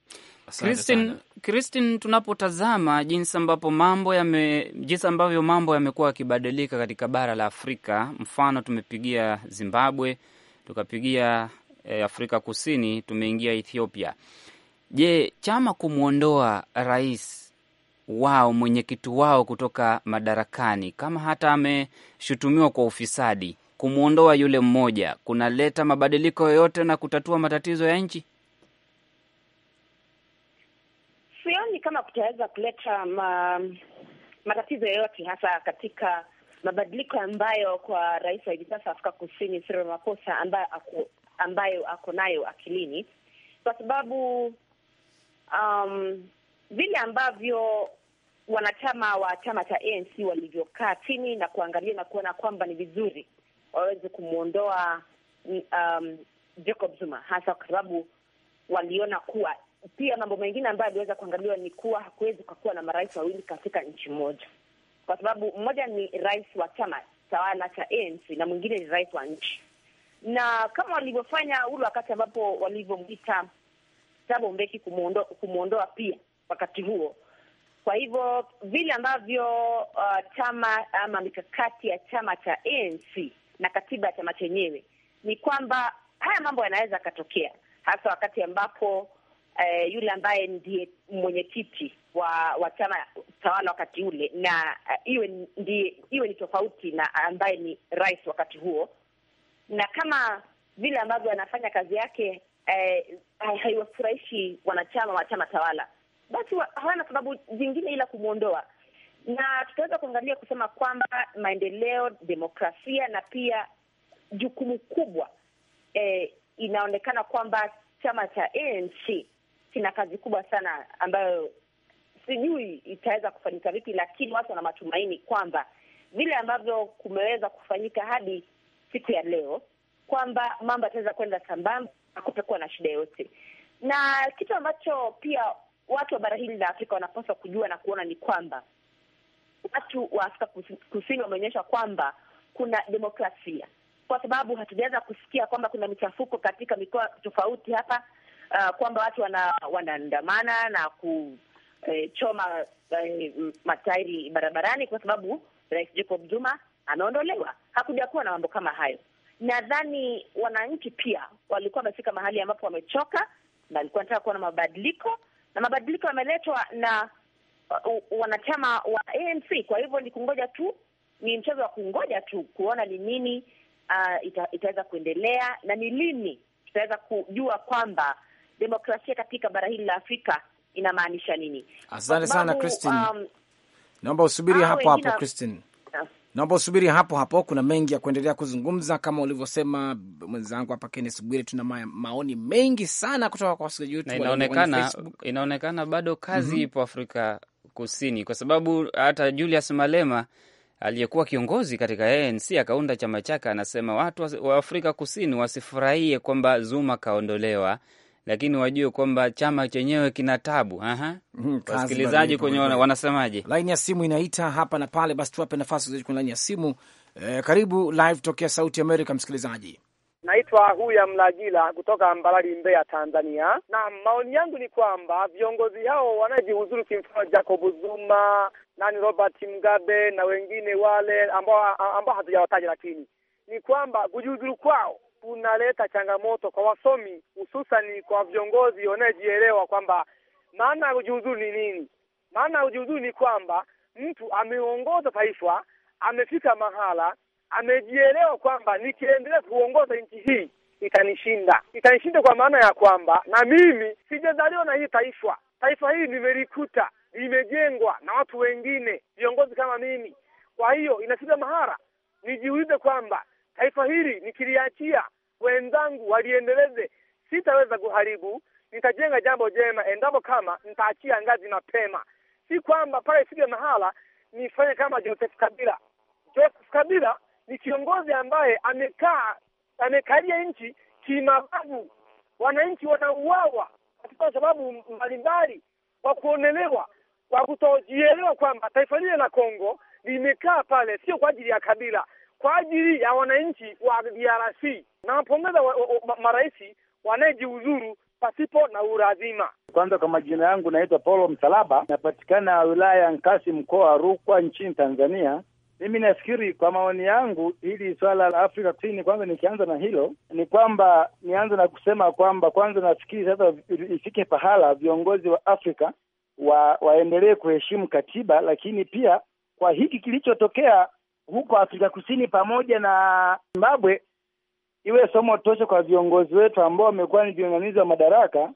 Christine, Christine, tunapotazama jinsi ambapo mambo yame jinsi ambavyo mambo yamekuwa yakibadilika katika bara la Afrika, mfano tumepigia Zimbabwe, tukapigia eh, Afrika Kusini, tumeingia Ethiopia. Je, chama kumwondoa rais wao mwenyekiti wao kutoka madarakani, kama hata ameshutumiwa kwa ufisadi kumwondoa yule mmoja kunaleta mabadiliko yoyote na kutatua matatizo ya nchi? Sioni kama kutaweza kuleta ma, matatizo yoyote hasa katika mabadiliko ambayo kwa rais wa hivi sasa Afrika Kusini Cyril Ramaphosa ambayo ako, ambayo ako nayo akilini kwa sababu um, vile ambavyo wanachama wa chama cha ANC walivyokaa chini na kuangalia na kuona kwamba ni vizuri waweze kumwondoa um, Jacob Zuma, hasa kwa sababu waliona kuwa pia mambo mengine ambayo aliweza kuangaliwa ni kuwa hakuwezi kakuwa na marais wawili katika nchi moja, kwa sababu mmoja ni rais wa chama tawala cha ANC na mwingine ni rais wa nchi, na kama walivyofanya ule wakati ambapo walivyomwita Thabo Mbeki kumwondoa kumwondoa pia wakati huo. Kwa hivyo vile ambavyo uh, chama ama mikakati ya chama cha ANC na katiba ya chama chenyewe, ni kwamba haya mambo yanaweza akatokea hasa wakati ambapo eh, yule ambaye ndiye mwenyekiti wa wa chama tawala wakati ule na uh, iwe ndiye, iwe ni tofauti na ambaye ni rais wakati huo, na kama vile ambavyo anafanya kazi yake eh, haiwafurahishi wanachama wa chama tawala, basi hawana sababu zingine ila kumwondoa na tutaweza kuangalia kusema kwamba maendeleo, demokrasia na pia jukumu kubwa eh, inaonekana kwamba chama cha ANC kina kazi kubwa sana ambayo sijui itaweza kufanyika vipi, lakini watu wana matumaini kwamba vile ambavyo kumeweza kufanyika hadi siku ya leo kwamba mambo yataweza kwenda sambamba, hakutakuwa na shida yoyote. Na kitu ambacho pia watu wa bara hili la Afrika wanapaswa kujua na kuona ni kwamba watu wa Afrika Kusini wameonyesha kwamba kuna demokrasia, kwa sababu hatujaweza kusikia kwamba kuna michafuko katika mikoa tofauti hapa uh, kwamba watu wana, wanaandamana na kuchoma eh, eh, matairi barabarani kwa sababu Rais Jacob Zuma ameondolewa. Hakuja kuwa na mambo kama hayo. Nadhani wananchi pia walikuwa wamefika mahali ambapo wamechoka na walikuwa wanataka kuona mabadiliko, na mabadiliko yameletwa na wanachama wa ANC. Kwa hivyo ni kungoja tu, ni mchezo wa kungoja tu kuona ni nini uh, ita, itaweza kuendelea na ni lini tutaweza kujua kwamba demokrasia katika bara hili la Afrika inamaanisha nini. Asante sana Christine, um, naomba usubiri hapo hapo Christine, naomba usubiri hapo hapo. Kuna mengi ya kuendelea kuzungumza kama ulivyosema mwenzangu hapa Kennes Bwire. Tuna ma maoni mengi sana kutoka kwa wasikilizaji wetu, inaonekana inaonekana bado kazi mm -hmm. ipo Afrika Kusini, kwa sababu hata Julius Malema aliyekuwa kiongozi katika ANC akaunda chama chake, anasema watu wa Afrika Kusini wasifurahie kwamba Zuma kaondolewa, lakini wajue kwamba chama chenyewe kina tabu. Hmm, Wasikilizaji kwenye wanasemaje? Laini ya simu inaita hapa na pale, basi tuwape nafasi kwenye laini ya simu. Eh, karibu live tokea Sauti Amerika, msikilizaji Naitwa Huya Mlajila kutoka Mbarali, Mbeya, Tanzania. Na maoni yangu ni kwamba viongozi hao wanajihuzuru kimfano Jacob Zuma, nani, Robert Mugabe na wengine wale ambao ambao hatujawataja, lakini ni kwamba kujihuzuru kwao kunaleta changamoto kwa wasomi, hususani kwa viongozi wanayejielewa kwamba maana ya kujihuzuru ni nini. Maana ya kujihuzuru ni kwamba mtu ameongoza taifa, amefika mahala amejielewa kwamba nikiendelea kuongoza nchi hii itanishinda, itanishinda kwa maana ya kwamba na mimi sijazaliwa na hii taifa. Taifa hili nimelikuta, limejengwa na watu wengine, viongozi kama mimi. Kwa hiyo inafika mahara nijiulize kwamba taifa hili nikiliachia wenzangu waliendeleze, sitaweza kuharibu, nitajenga jambo jema endapo kama nitaachia ngazi mapema, si kwamba pale ifike mahala nifanye kama Joseph Kabila. Joseph Kabila ni kiongozi ambaye amekaa amekalia nchi kimabavu. Wananchi wanauawa katika sababu mbalimbali, kwa kuonelewa, kwa kutojielewa kwamba taifa lile la Kongo limekaa pale sio kwa ajili ya kabila, kwa ajili ya wananchi wa DRC. Nawapongeza maraisi wanayejiuzuru pasipo na urazima. Kwanza, kwa majina yangu naitwa Paulo Msalaba, napatikana wilaya ya Nkasi, mkoa wa Rukwa, nchini Tanzania. Mimi nafikiri kwa maoni yangu, hili swala la Afrika Kusini, kwanza nikianza na hilo, ni kwamba nianze na kusema kwamba kwanza nafikiri sasa ifike pahala viongozi wa Afrika wa, waendelee kuheshimu katiba, lakini pia kwa hiki kilichotokea huko Afrika Kusini pamoja na Zimbabwe iwe somo tosha kwa viongozi wetu ambao wamekuwa ni viunganizi wa madaraka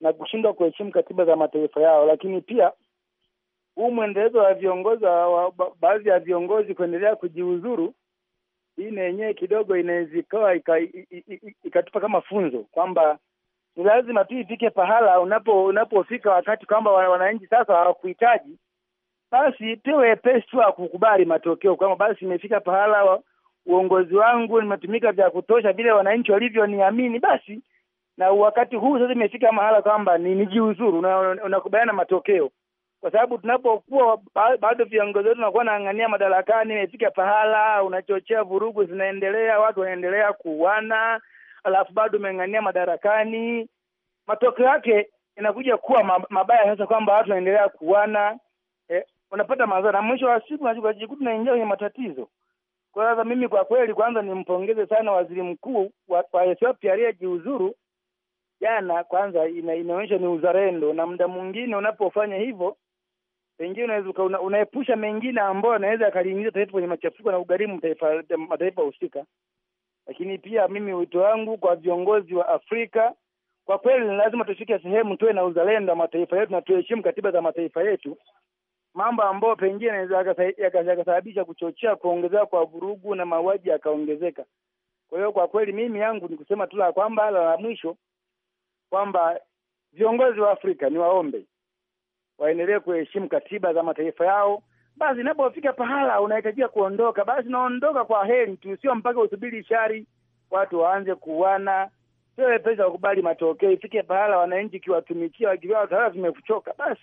na kushindwa kuheshimu katiba za mataifa yao, lakini pia huu mwendelezo wa viongozi wa baadhi ya viongozi kuendelea kujiuzuru, hii na yenyewe kidogo inaweza ikawa ikatupa kama funzo kwamba ni lazima tu ifike pahala unapo unapofika wakati kwamba wananchi sasa hawakuhitaji, basi tuwe wepesi tu kukubali matokeo kwamba basi imefika pahala wa, uongozi wangu nimetumika vya kutosha vile wananchi walivyoniamini, basi na wakati huu sasa imefika mahala kwamba nijiuzuru, unakubaliana una na matokeo kwa sababu tunapokuwa bado viongozi wetu nakuwa naang'ania madarakani, imefika pahala unachochea vurugu zinaendelea, watu wanaendelea kuuana, alafu bado umeangania madarakani. Matokeo yake inakuja kuwa mabaya sasa, kwamba watu wanaendelea kuuana eh, unapata madhara, mwisho wa siku unajikuta unaingia kwenye matatizo. Kwa sasa mimi kwa kweli, kwanza nimpongeze sana waziri mkuu wa, wa Ethiopia aliyejiuzuru jana. Kwanza inaonyesha ni uzalendo, na muda mwingine unapofanya hivyo pengine unaweza una, unaepusha mengine ambayo anaweza yakaliingiza taifa kwenye machafuko na ugharimu mataifa husika. Lakini pia mimi wito wangu kwa viongozi wa Afrika, kwa kweli lazima tufike sehemu tuwe na uzalendo wa mataifa yetu na tuheshimu katiba za mataifa yetu, mambo ambayo pengine yanaweza yakasababisha kuchochea kuongezeka kwa vurugu na mauaji yakaongezeka. Kwa hiyo kwa kweli mimi yangu ni kusema tu la kwamba la la mwisho kwamba viongozi wa Afrika ni waombe waendelee kuheshimu katiba za mataifa yao. Basi inapofika pahala unahitajika kuondoka, basi naondoka kwa heri tu, sio mpaka usubiri shari watu waanze kuuana. Sio wepesi wakubali matokeo, ifike pahala wananchi kiwatumikia wakiwa tayari vimekuchoka basi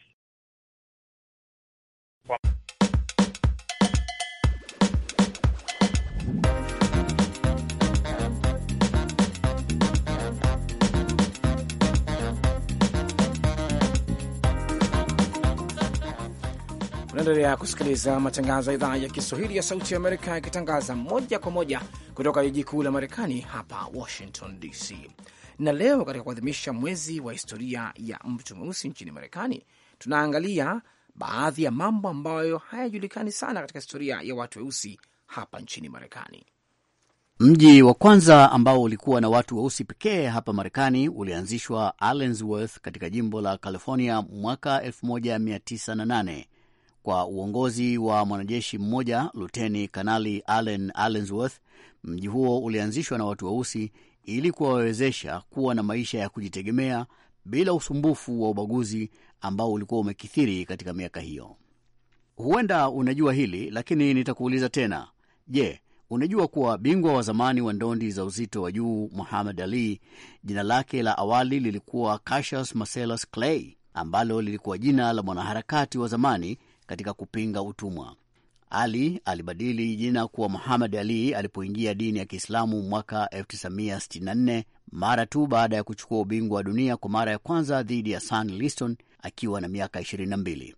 Unaendelea kusikiliza matangazo ya idhaa ya Kiswahili ya Sauti ya Amerika yakitangaza moja kwa moja kutoka jiji kuu la Marekani, hapa Washington DC. Na leo katika kuadhimisha mwezi wa historia ya mtu mweusi nchini Marekani, tunaangalia baadhi ya mambo ambayo hayajulikani sana katika historia ya watu weusi hapa nchini Marekani. Mji wa kwanza ambao ulikuwa na watu weusi pekee hapa Marekani ulianzishwa Allensworth katika jimbo la California mwaka 1908 kwa uongozi wa mwanajeshi mmoja Luteni Kanali Allen Allensworth. Mji huo ulianzishwa na watu weusi ili kuwawezesha kuwa na maisha ya kujitegemea bila usumbufu wa ubaguzi ambao ulikuwa umekithiri katika miaka hiyo. Huenda unajua hili lakini nitakuuliza tena. Je, unajua kuwa bingwa wa zamani wa ndondi za uzito wa juu Muhammad Ali jina lake la awali lilikuwa Cassius Marcellus Clay, ambalo lilikuwa jina la mwanaharakati wa zamani katika kupinga utumwa. Ali alibadili jina kuwa Muhammad Ali alipoingia dini ya Kiislamu mwaka 1964 mara tu baada ya kuchukua ubingwa wa dunia kwa mara ya kwanza dhidi ya San Liston akiwa na miaka 22.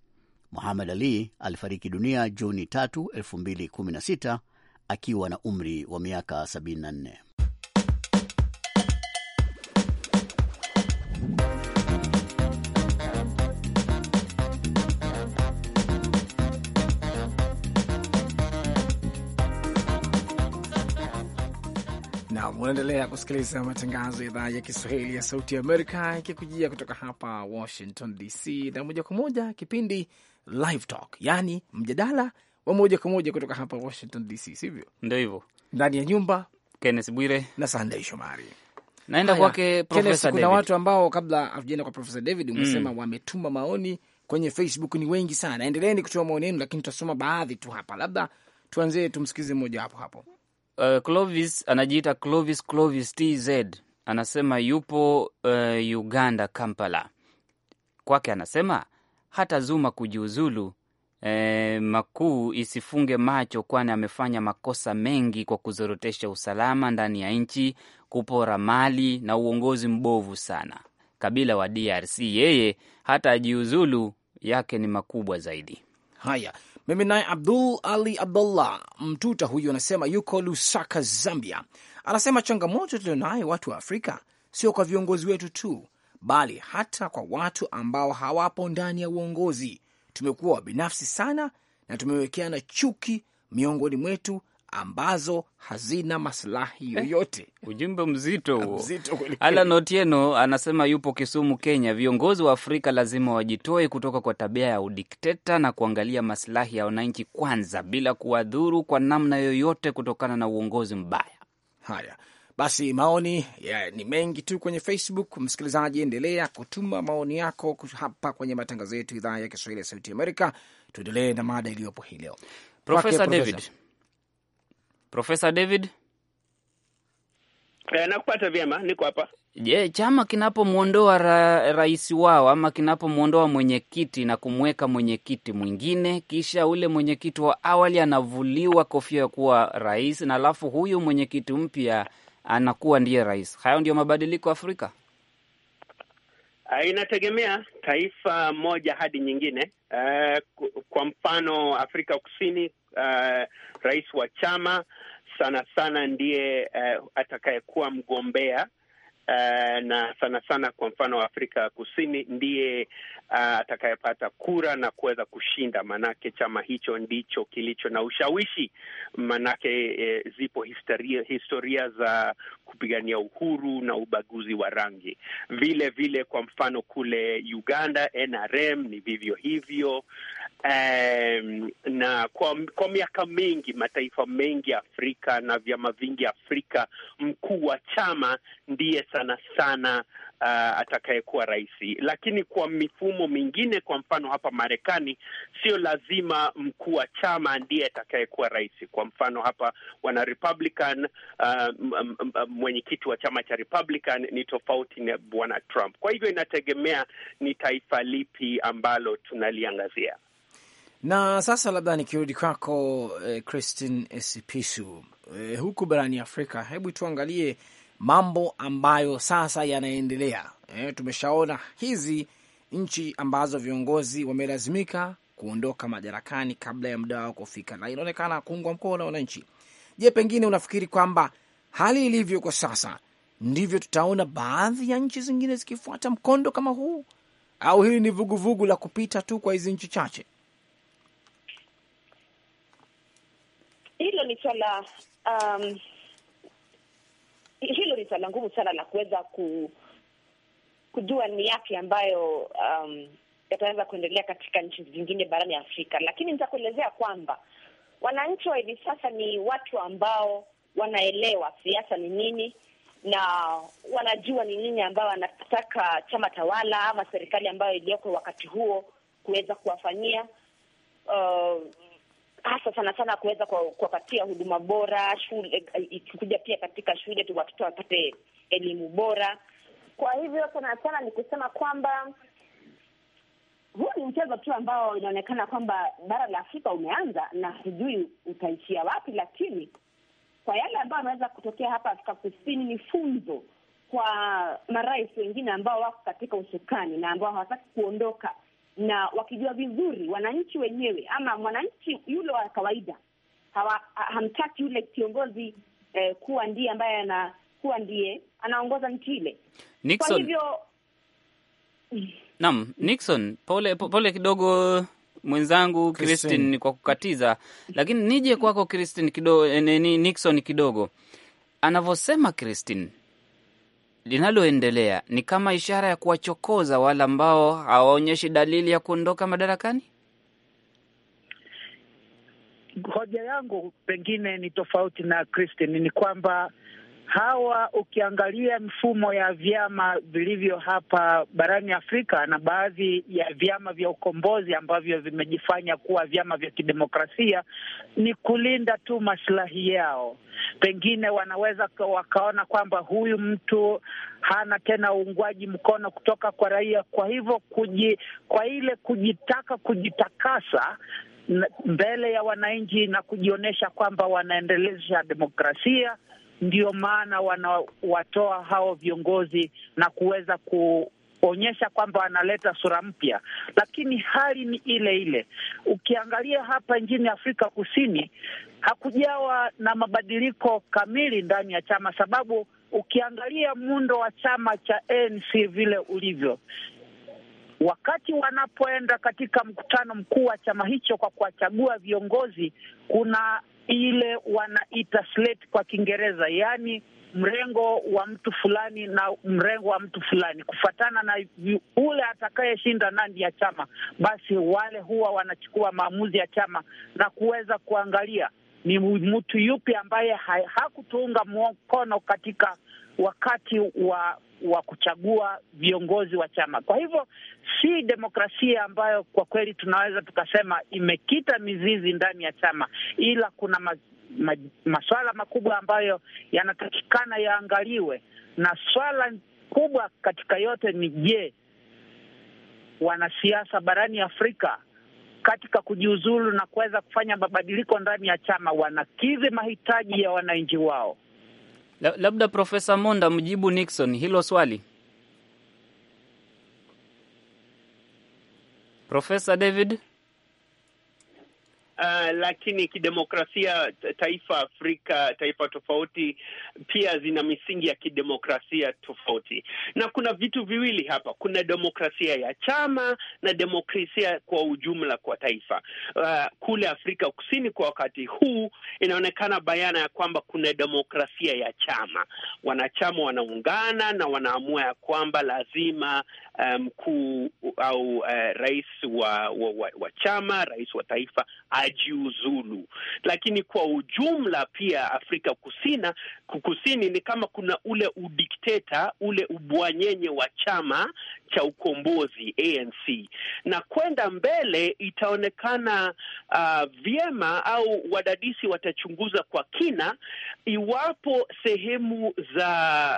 Muhammad Ali alifariki dunia Juni 3, 2016 akiwa na umri wa miaka 74. Nam, unaendelea kusikiliza matangazo ya idhaa ya Kiswahili ya Sauti ya Amerika ikikujia kutoka hapa Washington DC, na moja kwa moja kipindi Live Talk, yaani mjadala wa moja kwa moja kutoka hapa Washington DC, sivyo? Ndio hivyo, ndani ya nyumba Kenneth Bwire na Sandey Shomari. Naenda kwake Profesa. Kuna watu ambao kabla hatujaenda kwa Profesa David umesema mm, wametuma maoni kwenye Facebook ni wengi sana. Endeleeni kutoa maoni yenu, lakini tutasoma baadhi tu hapa. Labda tuanzie tumsikilize mmoja hapo hapo uh, Clovis anajiita Clovis Clovis TZ anasema yupo uh, Uganda, Kampala. Kwake anasema hata Zuma kujiuzulu eh, makuu isifunge macho, kwani amefanya makosa mengi kwa kuzorotesha usalama ndani ya nchi, kupora mali na uongozi mbovu sana. Kabila wa DRC yeye hata ajiuzulu, yake ni makubwa zaidi. Haya, mimi naye Abdul Ali Abdullah Mtuta, huyu anasema yuko Lusaka, Zambia, anasema changamoto tulionayo watu wa Afrika sio kwa viongozi wetu tu, bali hata kwa watu ambao hawapo ndani ya uongozi. Tumekuwa wabinafsi sana na tumewekeana chuki miongoni mwetu ambazo hazina masilahi eh, yoyote eh. Ujumbe mzito huo. Alan Otieno anasema yupo Kisumu, Kenya. Viongozi wa Afrika lazima wajitoe kutoka kwa tabia ya udikteta na kuangalia masilahi ya wananchi kwanza, bila kuwadhuru kwa namna yoyote kutokana na uongozi mbaya. Haya basi, maoni ya, ni mengi tu kwenye Facebook. Msikilizaji, endelea kutuma maoni yako hapa kwenye matangazo yetu, idhaa ya Kiswahili ya Sauti Amerika. Tuendelee na mada iliyopo hii leo, Profesa David. Profesa David. E, nakupata vyema, niko hapa. Je, chama kinapomwondoa ra rais wao ama kinapomwondoa mwenyekiti na kumweka mwenyekiti mwingine, kisha ule mwenyekiti wa awali anavuliwa kofia ya kuwa rais, na alafu huyu mwenyekiti mpya anakuwa ndiye rais. Hayo ndio mabadiliko Afrika. Ah, inategemea taifa moja hadi nyingine. Eh, kwa mfano Afrika Kusini uh, rais wa chama sana sana ndiye uh, atakayekuwa mgombea uh, na sana sana kwa mfano Afrika ya Kusini ndiye uh, atakayepata kura na kuweza kushinda, maanake chama hicho ndicho kilicho na ushawishi, maanake eh, zipo historia, historia za kupigania uhuru na ubaguzi wa rangi. Vile vile kwa mfano kule Uganda NRM ni vivyo hivyo. Um, na kwa, kwa miaka mingi mataifa mengi Afrika na vyama vingi Afrika, mkuu wa chama ndiye sana sana uh, atakayekuwa rais. Lakini kwa mifumo mingine, kwa mfano hapa Marekani, sio lazima mkuu wa chama ndiye atakayekuwa rais. Kwa mfano hapa wana Republican, uh, mwenyekiti wa chama cha Republican ni tofauti na bwana Trump. Kwa hivyo inategemea ni taifa lipi ambalo tunaliangazia. Na sasa labda nikirudi kwako, eh, Christine Esipisu, eh, huku barani Afrika, hebu tuangalie mambo ambayo sasa yanaendelea. E, tumeshaona hizi nchi ambazo viongozi wamelazimika kuondoka madarakani kabla ya muda wao kufika, na inaonekana kuungwa mkono na wananchi. Je, pengine unafikiri kwamba hali ilivyo kwa sasa ndivyo tutaona baadhi ya nchi zingine zikifuata mkondo kama huu, au hili ni vuguvugu la kupita tu kwa hizi nchi chache? Hilo ni swala um, hilo ni swala ngumu sana la kuweza ku, kujua ni yapi ambayo um, yataweza kuendelea katika nchi zingine barani Afrika, lakini nitakuelezea kwamba wananchi wa hivi sasa ni watu ambao wanaelewa siasa ni nini na wanajua ni nini ambayo wanataka chama tawala ama serikali ambayo iliyoko wakati huo kuweza kuwafanyia. Uh, hasa sana sana kuweza kuwapatia huduma bora shule, eh, eh, ikikuja pia katika shule tu watoto wapate elimu bora. Kwa hivyo sana sana ni kusema kwamba huu ni mchezo tu ambao inaonekana kwamba bara la Afrika umeanza na hujui utaishia wapi, lakini kwa yale ambayo ameweza kutokea hapa Afrika Kusini ni funzo kwa marais wengine ambao wako katika usukani na ambao hawataki kuondoka na wakijua vizuri wananchi wenyewe ama mwananchi yule wa kawaida hawa, hamtaki yule kiongozi eh, kuwa ndiye ambaye anakuwa ndiye anaongoza nchi ile. Nixon, kwa hivyo naam, Nixon, pole pole kidogo mwenzangu Kristin kwa kukatiza, lakini nije kwako Kristin kidogo, eh, Nixon kidogo anavyosema cristin linaloendelea ni kama ishara ya kuwachokoza wale ambao hawaonyeshi dalili ya kuondoka madarakani? Hoja yangu pengine ni tofauti na Christine, ni kwamba hawa ukiangalia mifumo ya vyama vilivyo hapa barani Afrika na baadhi ya vyama vya ukombozi ambavyo vimejifanya kuwa vyama vya kidemokrasia ni kulinda tu maslahi yao. Pengine wanaweza wakaona kwamba huyu mtu hana tena uungwaji mkono kutoka kwa raia, kwa hivyo kuji, kwa ile kujitaka kujitakasa mbele ya wananchi na kujionyesha kwamba wanaendeleza demokrasia ndio maana wanawatoa hao viongozi na kuweza kuonyesha kwamba wanaleta sura mpya, lakini hali ni ile ile. Ukiangalia hapa nchini Afrika Kusini, hakujawa na mabadiliko kamili ndani ya chama, sababu ukiangalia muundo wa chama cha ANC vile ulivyo wakati wanapoenda katika mkutano mkuu wa chama hicho kwa kuwachagua viongozi, kuna ile wanaita slate kwa Kiingereza, yaani mrengo wa mtu fulani na mrengo wa mtu fulani, kufuatana na ule atakayeshinda ndani ya chama, basi wale huwa wanachukua maamuzi ya chama na kuweza kuangalia ni mtu yupi ambaye hakutuunga mkono katika wakati wa wa kuchagua viongozi wa chama. Kwa hivyo si demokrasia ambayo kwa kweli tunaweza tukasema imekita mizizi ndani ya chama, ila kuna ma, ma, masuala makubwa ambayo yanatakikana yaangaliwe, na swala kubwa katika yote ni je, wanasiasa barani Afrika katika kujiuzulu na kuweza kufanya mabadiliko ndani ya chama wanakidhi mahitaji ya wananchi wao? Labda Profesa Monda mjibu Nixon hilo swali. Profesa David Uh, lakini kidemokrasia taifa Afrika, taifa tofauti pia zina misingi ya kidemokrasia tofauti, na kuna vitu viwili hapa. Kuna demokrasia ya chama na demokrasia kwa ujumla kwa taifa. Uh, kule Afrika Kusini kwa wakati huu inaonekana bayana ya kwamba kuna demokrasia ya chama, wanachama wanaungana na wanaamua ya kwamba lazima Eh, mkuu um, au uh, rais wa, wa, wa, wa chama, rais wa taifa ajiuzulu. Lakini kwa ujumla pia Afrika Kusina, Kusini ni kama kuna ule udikteta ule ubwanyenye wa chama cha ukombozi ANC, na kwenda mbele itaonekana uh, vyema au wadadisi watachunguza kwa kina iwapo sehemu za,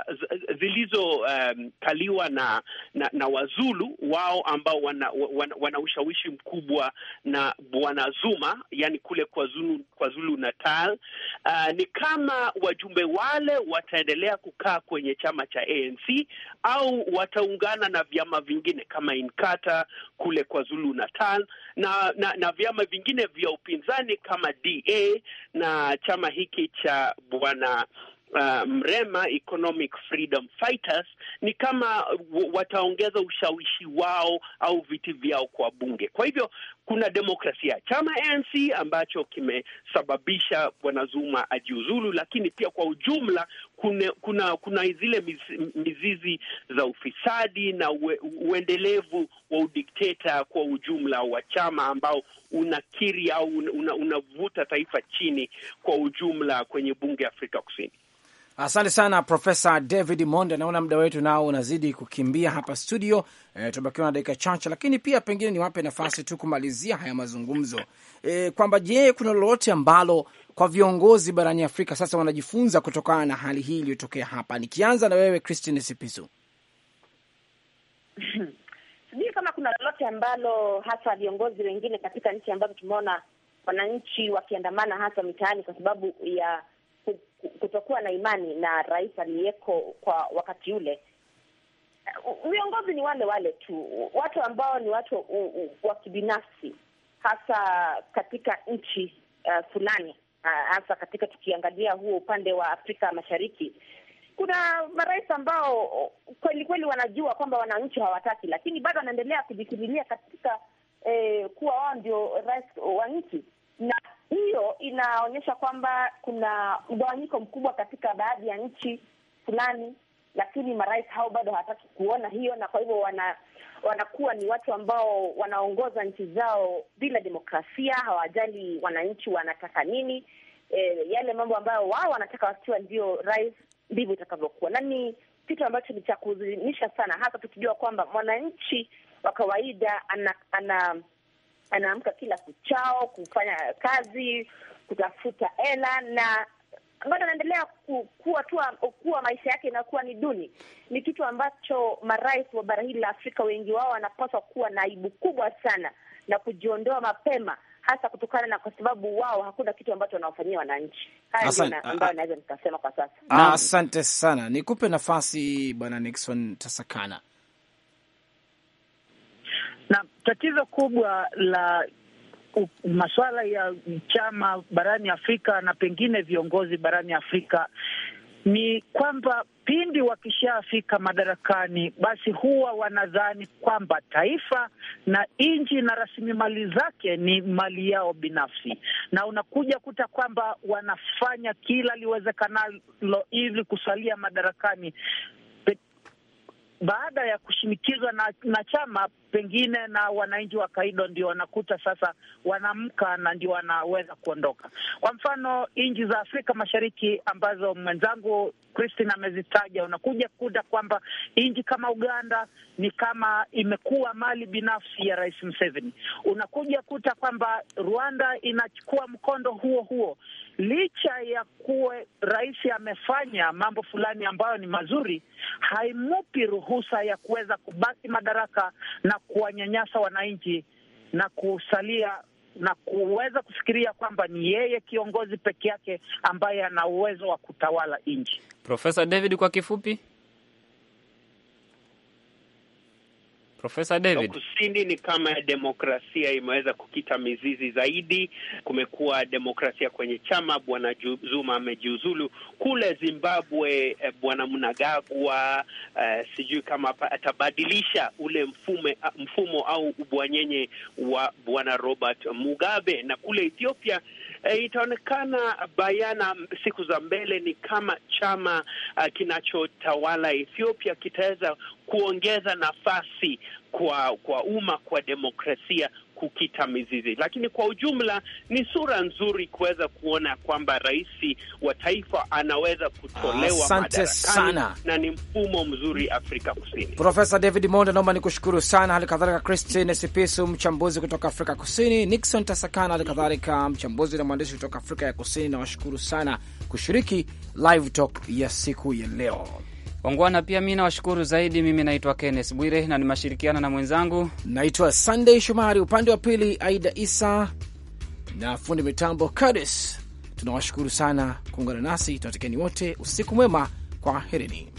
za zilizokaliwa um, na, na, na Wazulu wao ambao wana, wana, wana ushawishi mkubwa na Bwana Zuma, yani kule kwa zulu Natal. Uh, ni kama wajumbe wale wataendelea kukaa kwenye chama cha ANC au wataungana na vyama vingine kama Inkatha kule kwa zulu Natal na, na, na vyama vingine vya upinzani kama DA na chama hiki cha Bwana uh, um, Mrema Economic Freedom Fighters ni kama wataongeza ushawishi wao au viti vyao kwa bunge. Kwa hivyo kuna demokrasia, chama ANC ambacho kimesababisha bwana Zuma ajiuzulu, lakini pia kwa ujumla kuna kuna, kuna zile mizizi za ufisadi na uendelevu wa udikteta kwa ujumla wa chama ambao unakiri au unavuta una taifa chini kwa ujumla kwenye bunge Afrika Kusini. Asante sana Profesa David Monda, naona muda wetu nao unazidi kukimbia hapa studio. E, tumebakiwa na dakika chache, lakini pia pengine niwape nafasi tu kumalizia haya mazungumzo e, kwamba je, kuna lolote ambalo kwa viongozi barani Afrika sasa wanajifunza kutokana na hali hii iliyotokea hapa, nikianza na wewe Christine Sipisu. Sijui kama kuna lolote ambalo hasa viongozi wengine katika nchi ambazo tumeona wananchi wakiandamana hasa mitaani kwa sababu ya kutokuwa na imani na rais aliyeko kwa wakati ule. Viongozi ni wale wale tu, watu ambao ni watu wa kibinafsi, hasa katika nchi uh, fulani uh, hasa katika tukiangalia huo upande wa Afrika Mashariki kuna marais ambao kweli kweli wanajua kwamba wananchi hawataki, lakini bado wanaendelea kujikimilia katika eh, kuwa wao ndio rais wa nchi, na hiyo inaonyesha kwamba kuna mgawanyiko mkubwa katika baadhi ya nchi fulani, lakini marais hao bado hawataki kuona hiyo, na kwa hivyo wana, wanakuwa ni watu ambao wanaongoza nchi zao bila demokrasia, hawajali wananchi wanataka nini. E, yale mambo ambayo wao wanataka wakiwa ndio rais, ndivyo itakavyokuwa, na ni kitu ambacho ni cha kuhuzunisha sana, hasa tukijua kwamba mwananchi wa kawaida ana, ana anaamka kila kuchao kufanya kazi, kutafuta hela na bado anaendelea kuwa tu kuwa maisha yake inakuwa ni duni. Ni kitu ambacho marais wa bara hili la Afrika wengi wao wanapaswa kuwa na aibu kubwa sana na kujiondoa mapema, hasa kutokana na kwa sababu wao hakuna kitu ambacho wanawafanyia wananchi. Haya ndio ambayo naweza nikasema kwa sasa. Asante sana, nikupe nafasi Bwana Nixon Tasakana. Tatizo kubwa la masuala ya chama barani Afrika na pengine viongozi barani Afrika ni kwamba pindi wakishafika madarakani, basi huwa wanadhani kwamba taifa na nchi na rasilimali zake ni mali yao binafsi, na unakuja kuta kwamba wanafanya kila liwezekanalo ili kusalia madarakani baada ya kushinikizwa na, na chama pengine na wananchi wa Kaido ndio wanakuta sasa wanamka na ndio wanaweza kuondoka. Kwa mfano nchi za Afrika Mashariki ambazo mwenzangu Christine amezitaja, unakuja kuta kwamba nchi kama Uganda ni kama imekuwa mali binafsi ya Rais Museveni. Unakuja kuta kwamba Rwanda inachukua mkondo huo huo licha ya kuwe rais amefanya mambo fulani ambayo ni mazuri, haimupi ruhusa ya kuweza kubaki madaraka na kuwanyanyasa wananchi na kusalia na kuweza kufikiria kwamba ni yeye kiongozi peke yake ambaye ana uwezo wa kutawala nchi. Profesa David, kwa kifupi Profesa David, kusini ni kama demokrasia imeweza kukita mizizi zaidi. Kumekuwa demokrasia kwenye chama, bwana Zuma amejiuzulu. Kule Zimbabwe eh, bwana mnagagwa uh, eh, sijui kama atabadilisha ule mfume, mfumo au ubwanyenye wa bwana Robert Mugabe, na kule Ethiopia e, itaonekana bayana siku za mbele ni kama chama uh, kinachotawala Ethiopia kitaweza kuongeza nafasi kwa kwa umma, kwa demokrasia kukita mizizi. Lakini kwa ujumla ni sura nzuri kuweza kuona kwamba rais wa taifa anaweza kutolewa ah, madarakani sana. Na ni mfumo mzuri Afrika Kusini. Profesa David Monda, naomba nikushukuru sana, hali kadhalika Christine Sipisu, mchambuzi kutoka Afrika Kusini, Nixon Tasakana, hali kadhalika mchambuzi na mwandishi kutoka Afrika ya Kusini. Nawashukuru sana kushiriki live talk ya siku ya leo. Wangwana, pia mi nawashukuru zaidi. Mimi naitwa Kenneth Bwire na nimeshirikiana na mwenzangu naitwa Sunday Shomari, upande wa pili Aida Isa na fundi mitambo Kadis. Tunawashukuru sana kuungana nasi, tunatakieni wote usiku mwema, kwa herini.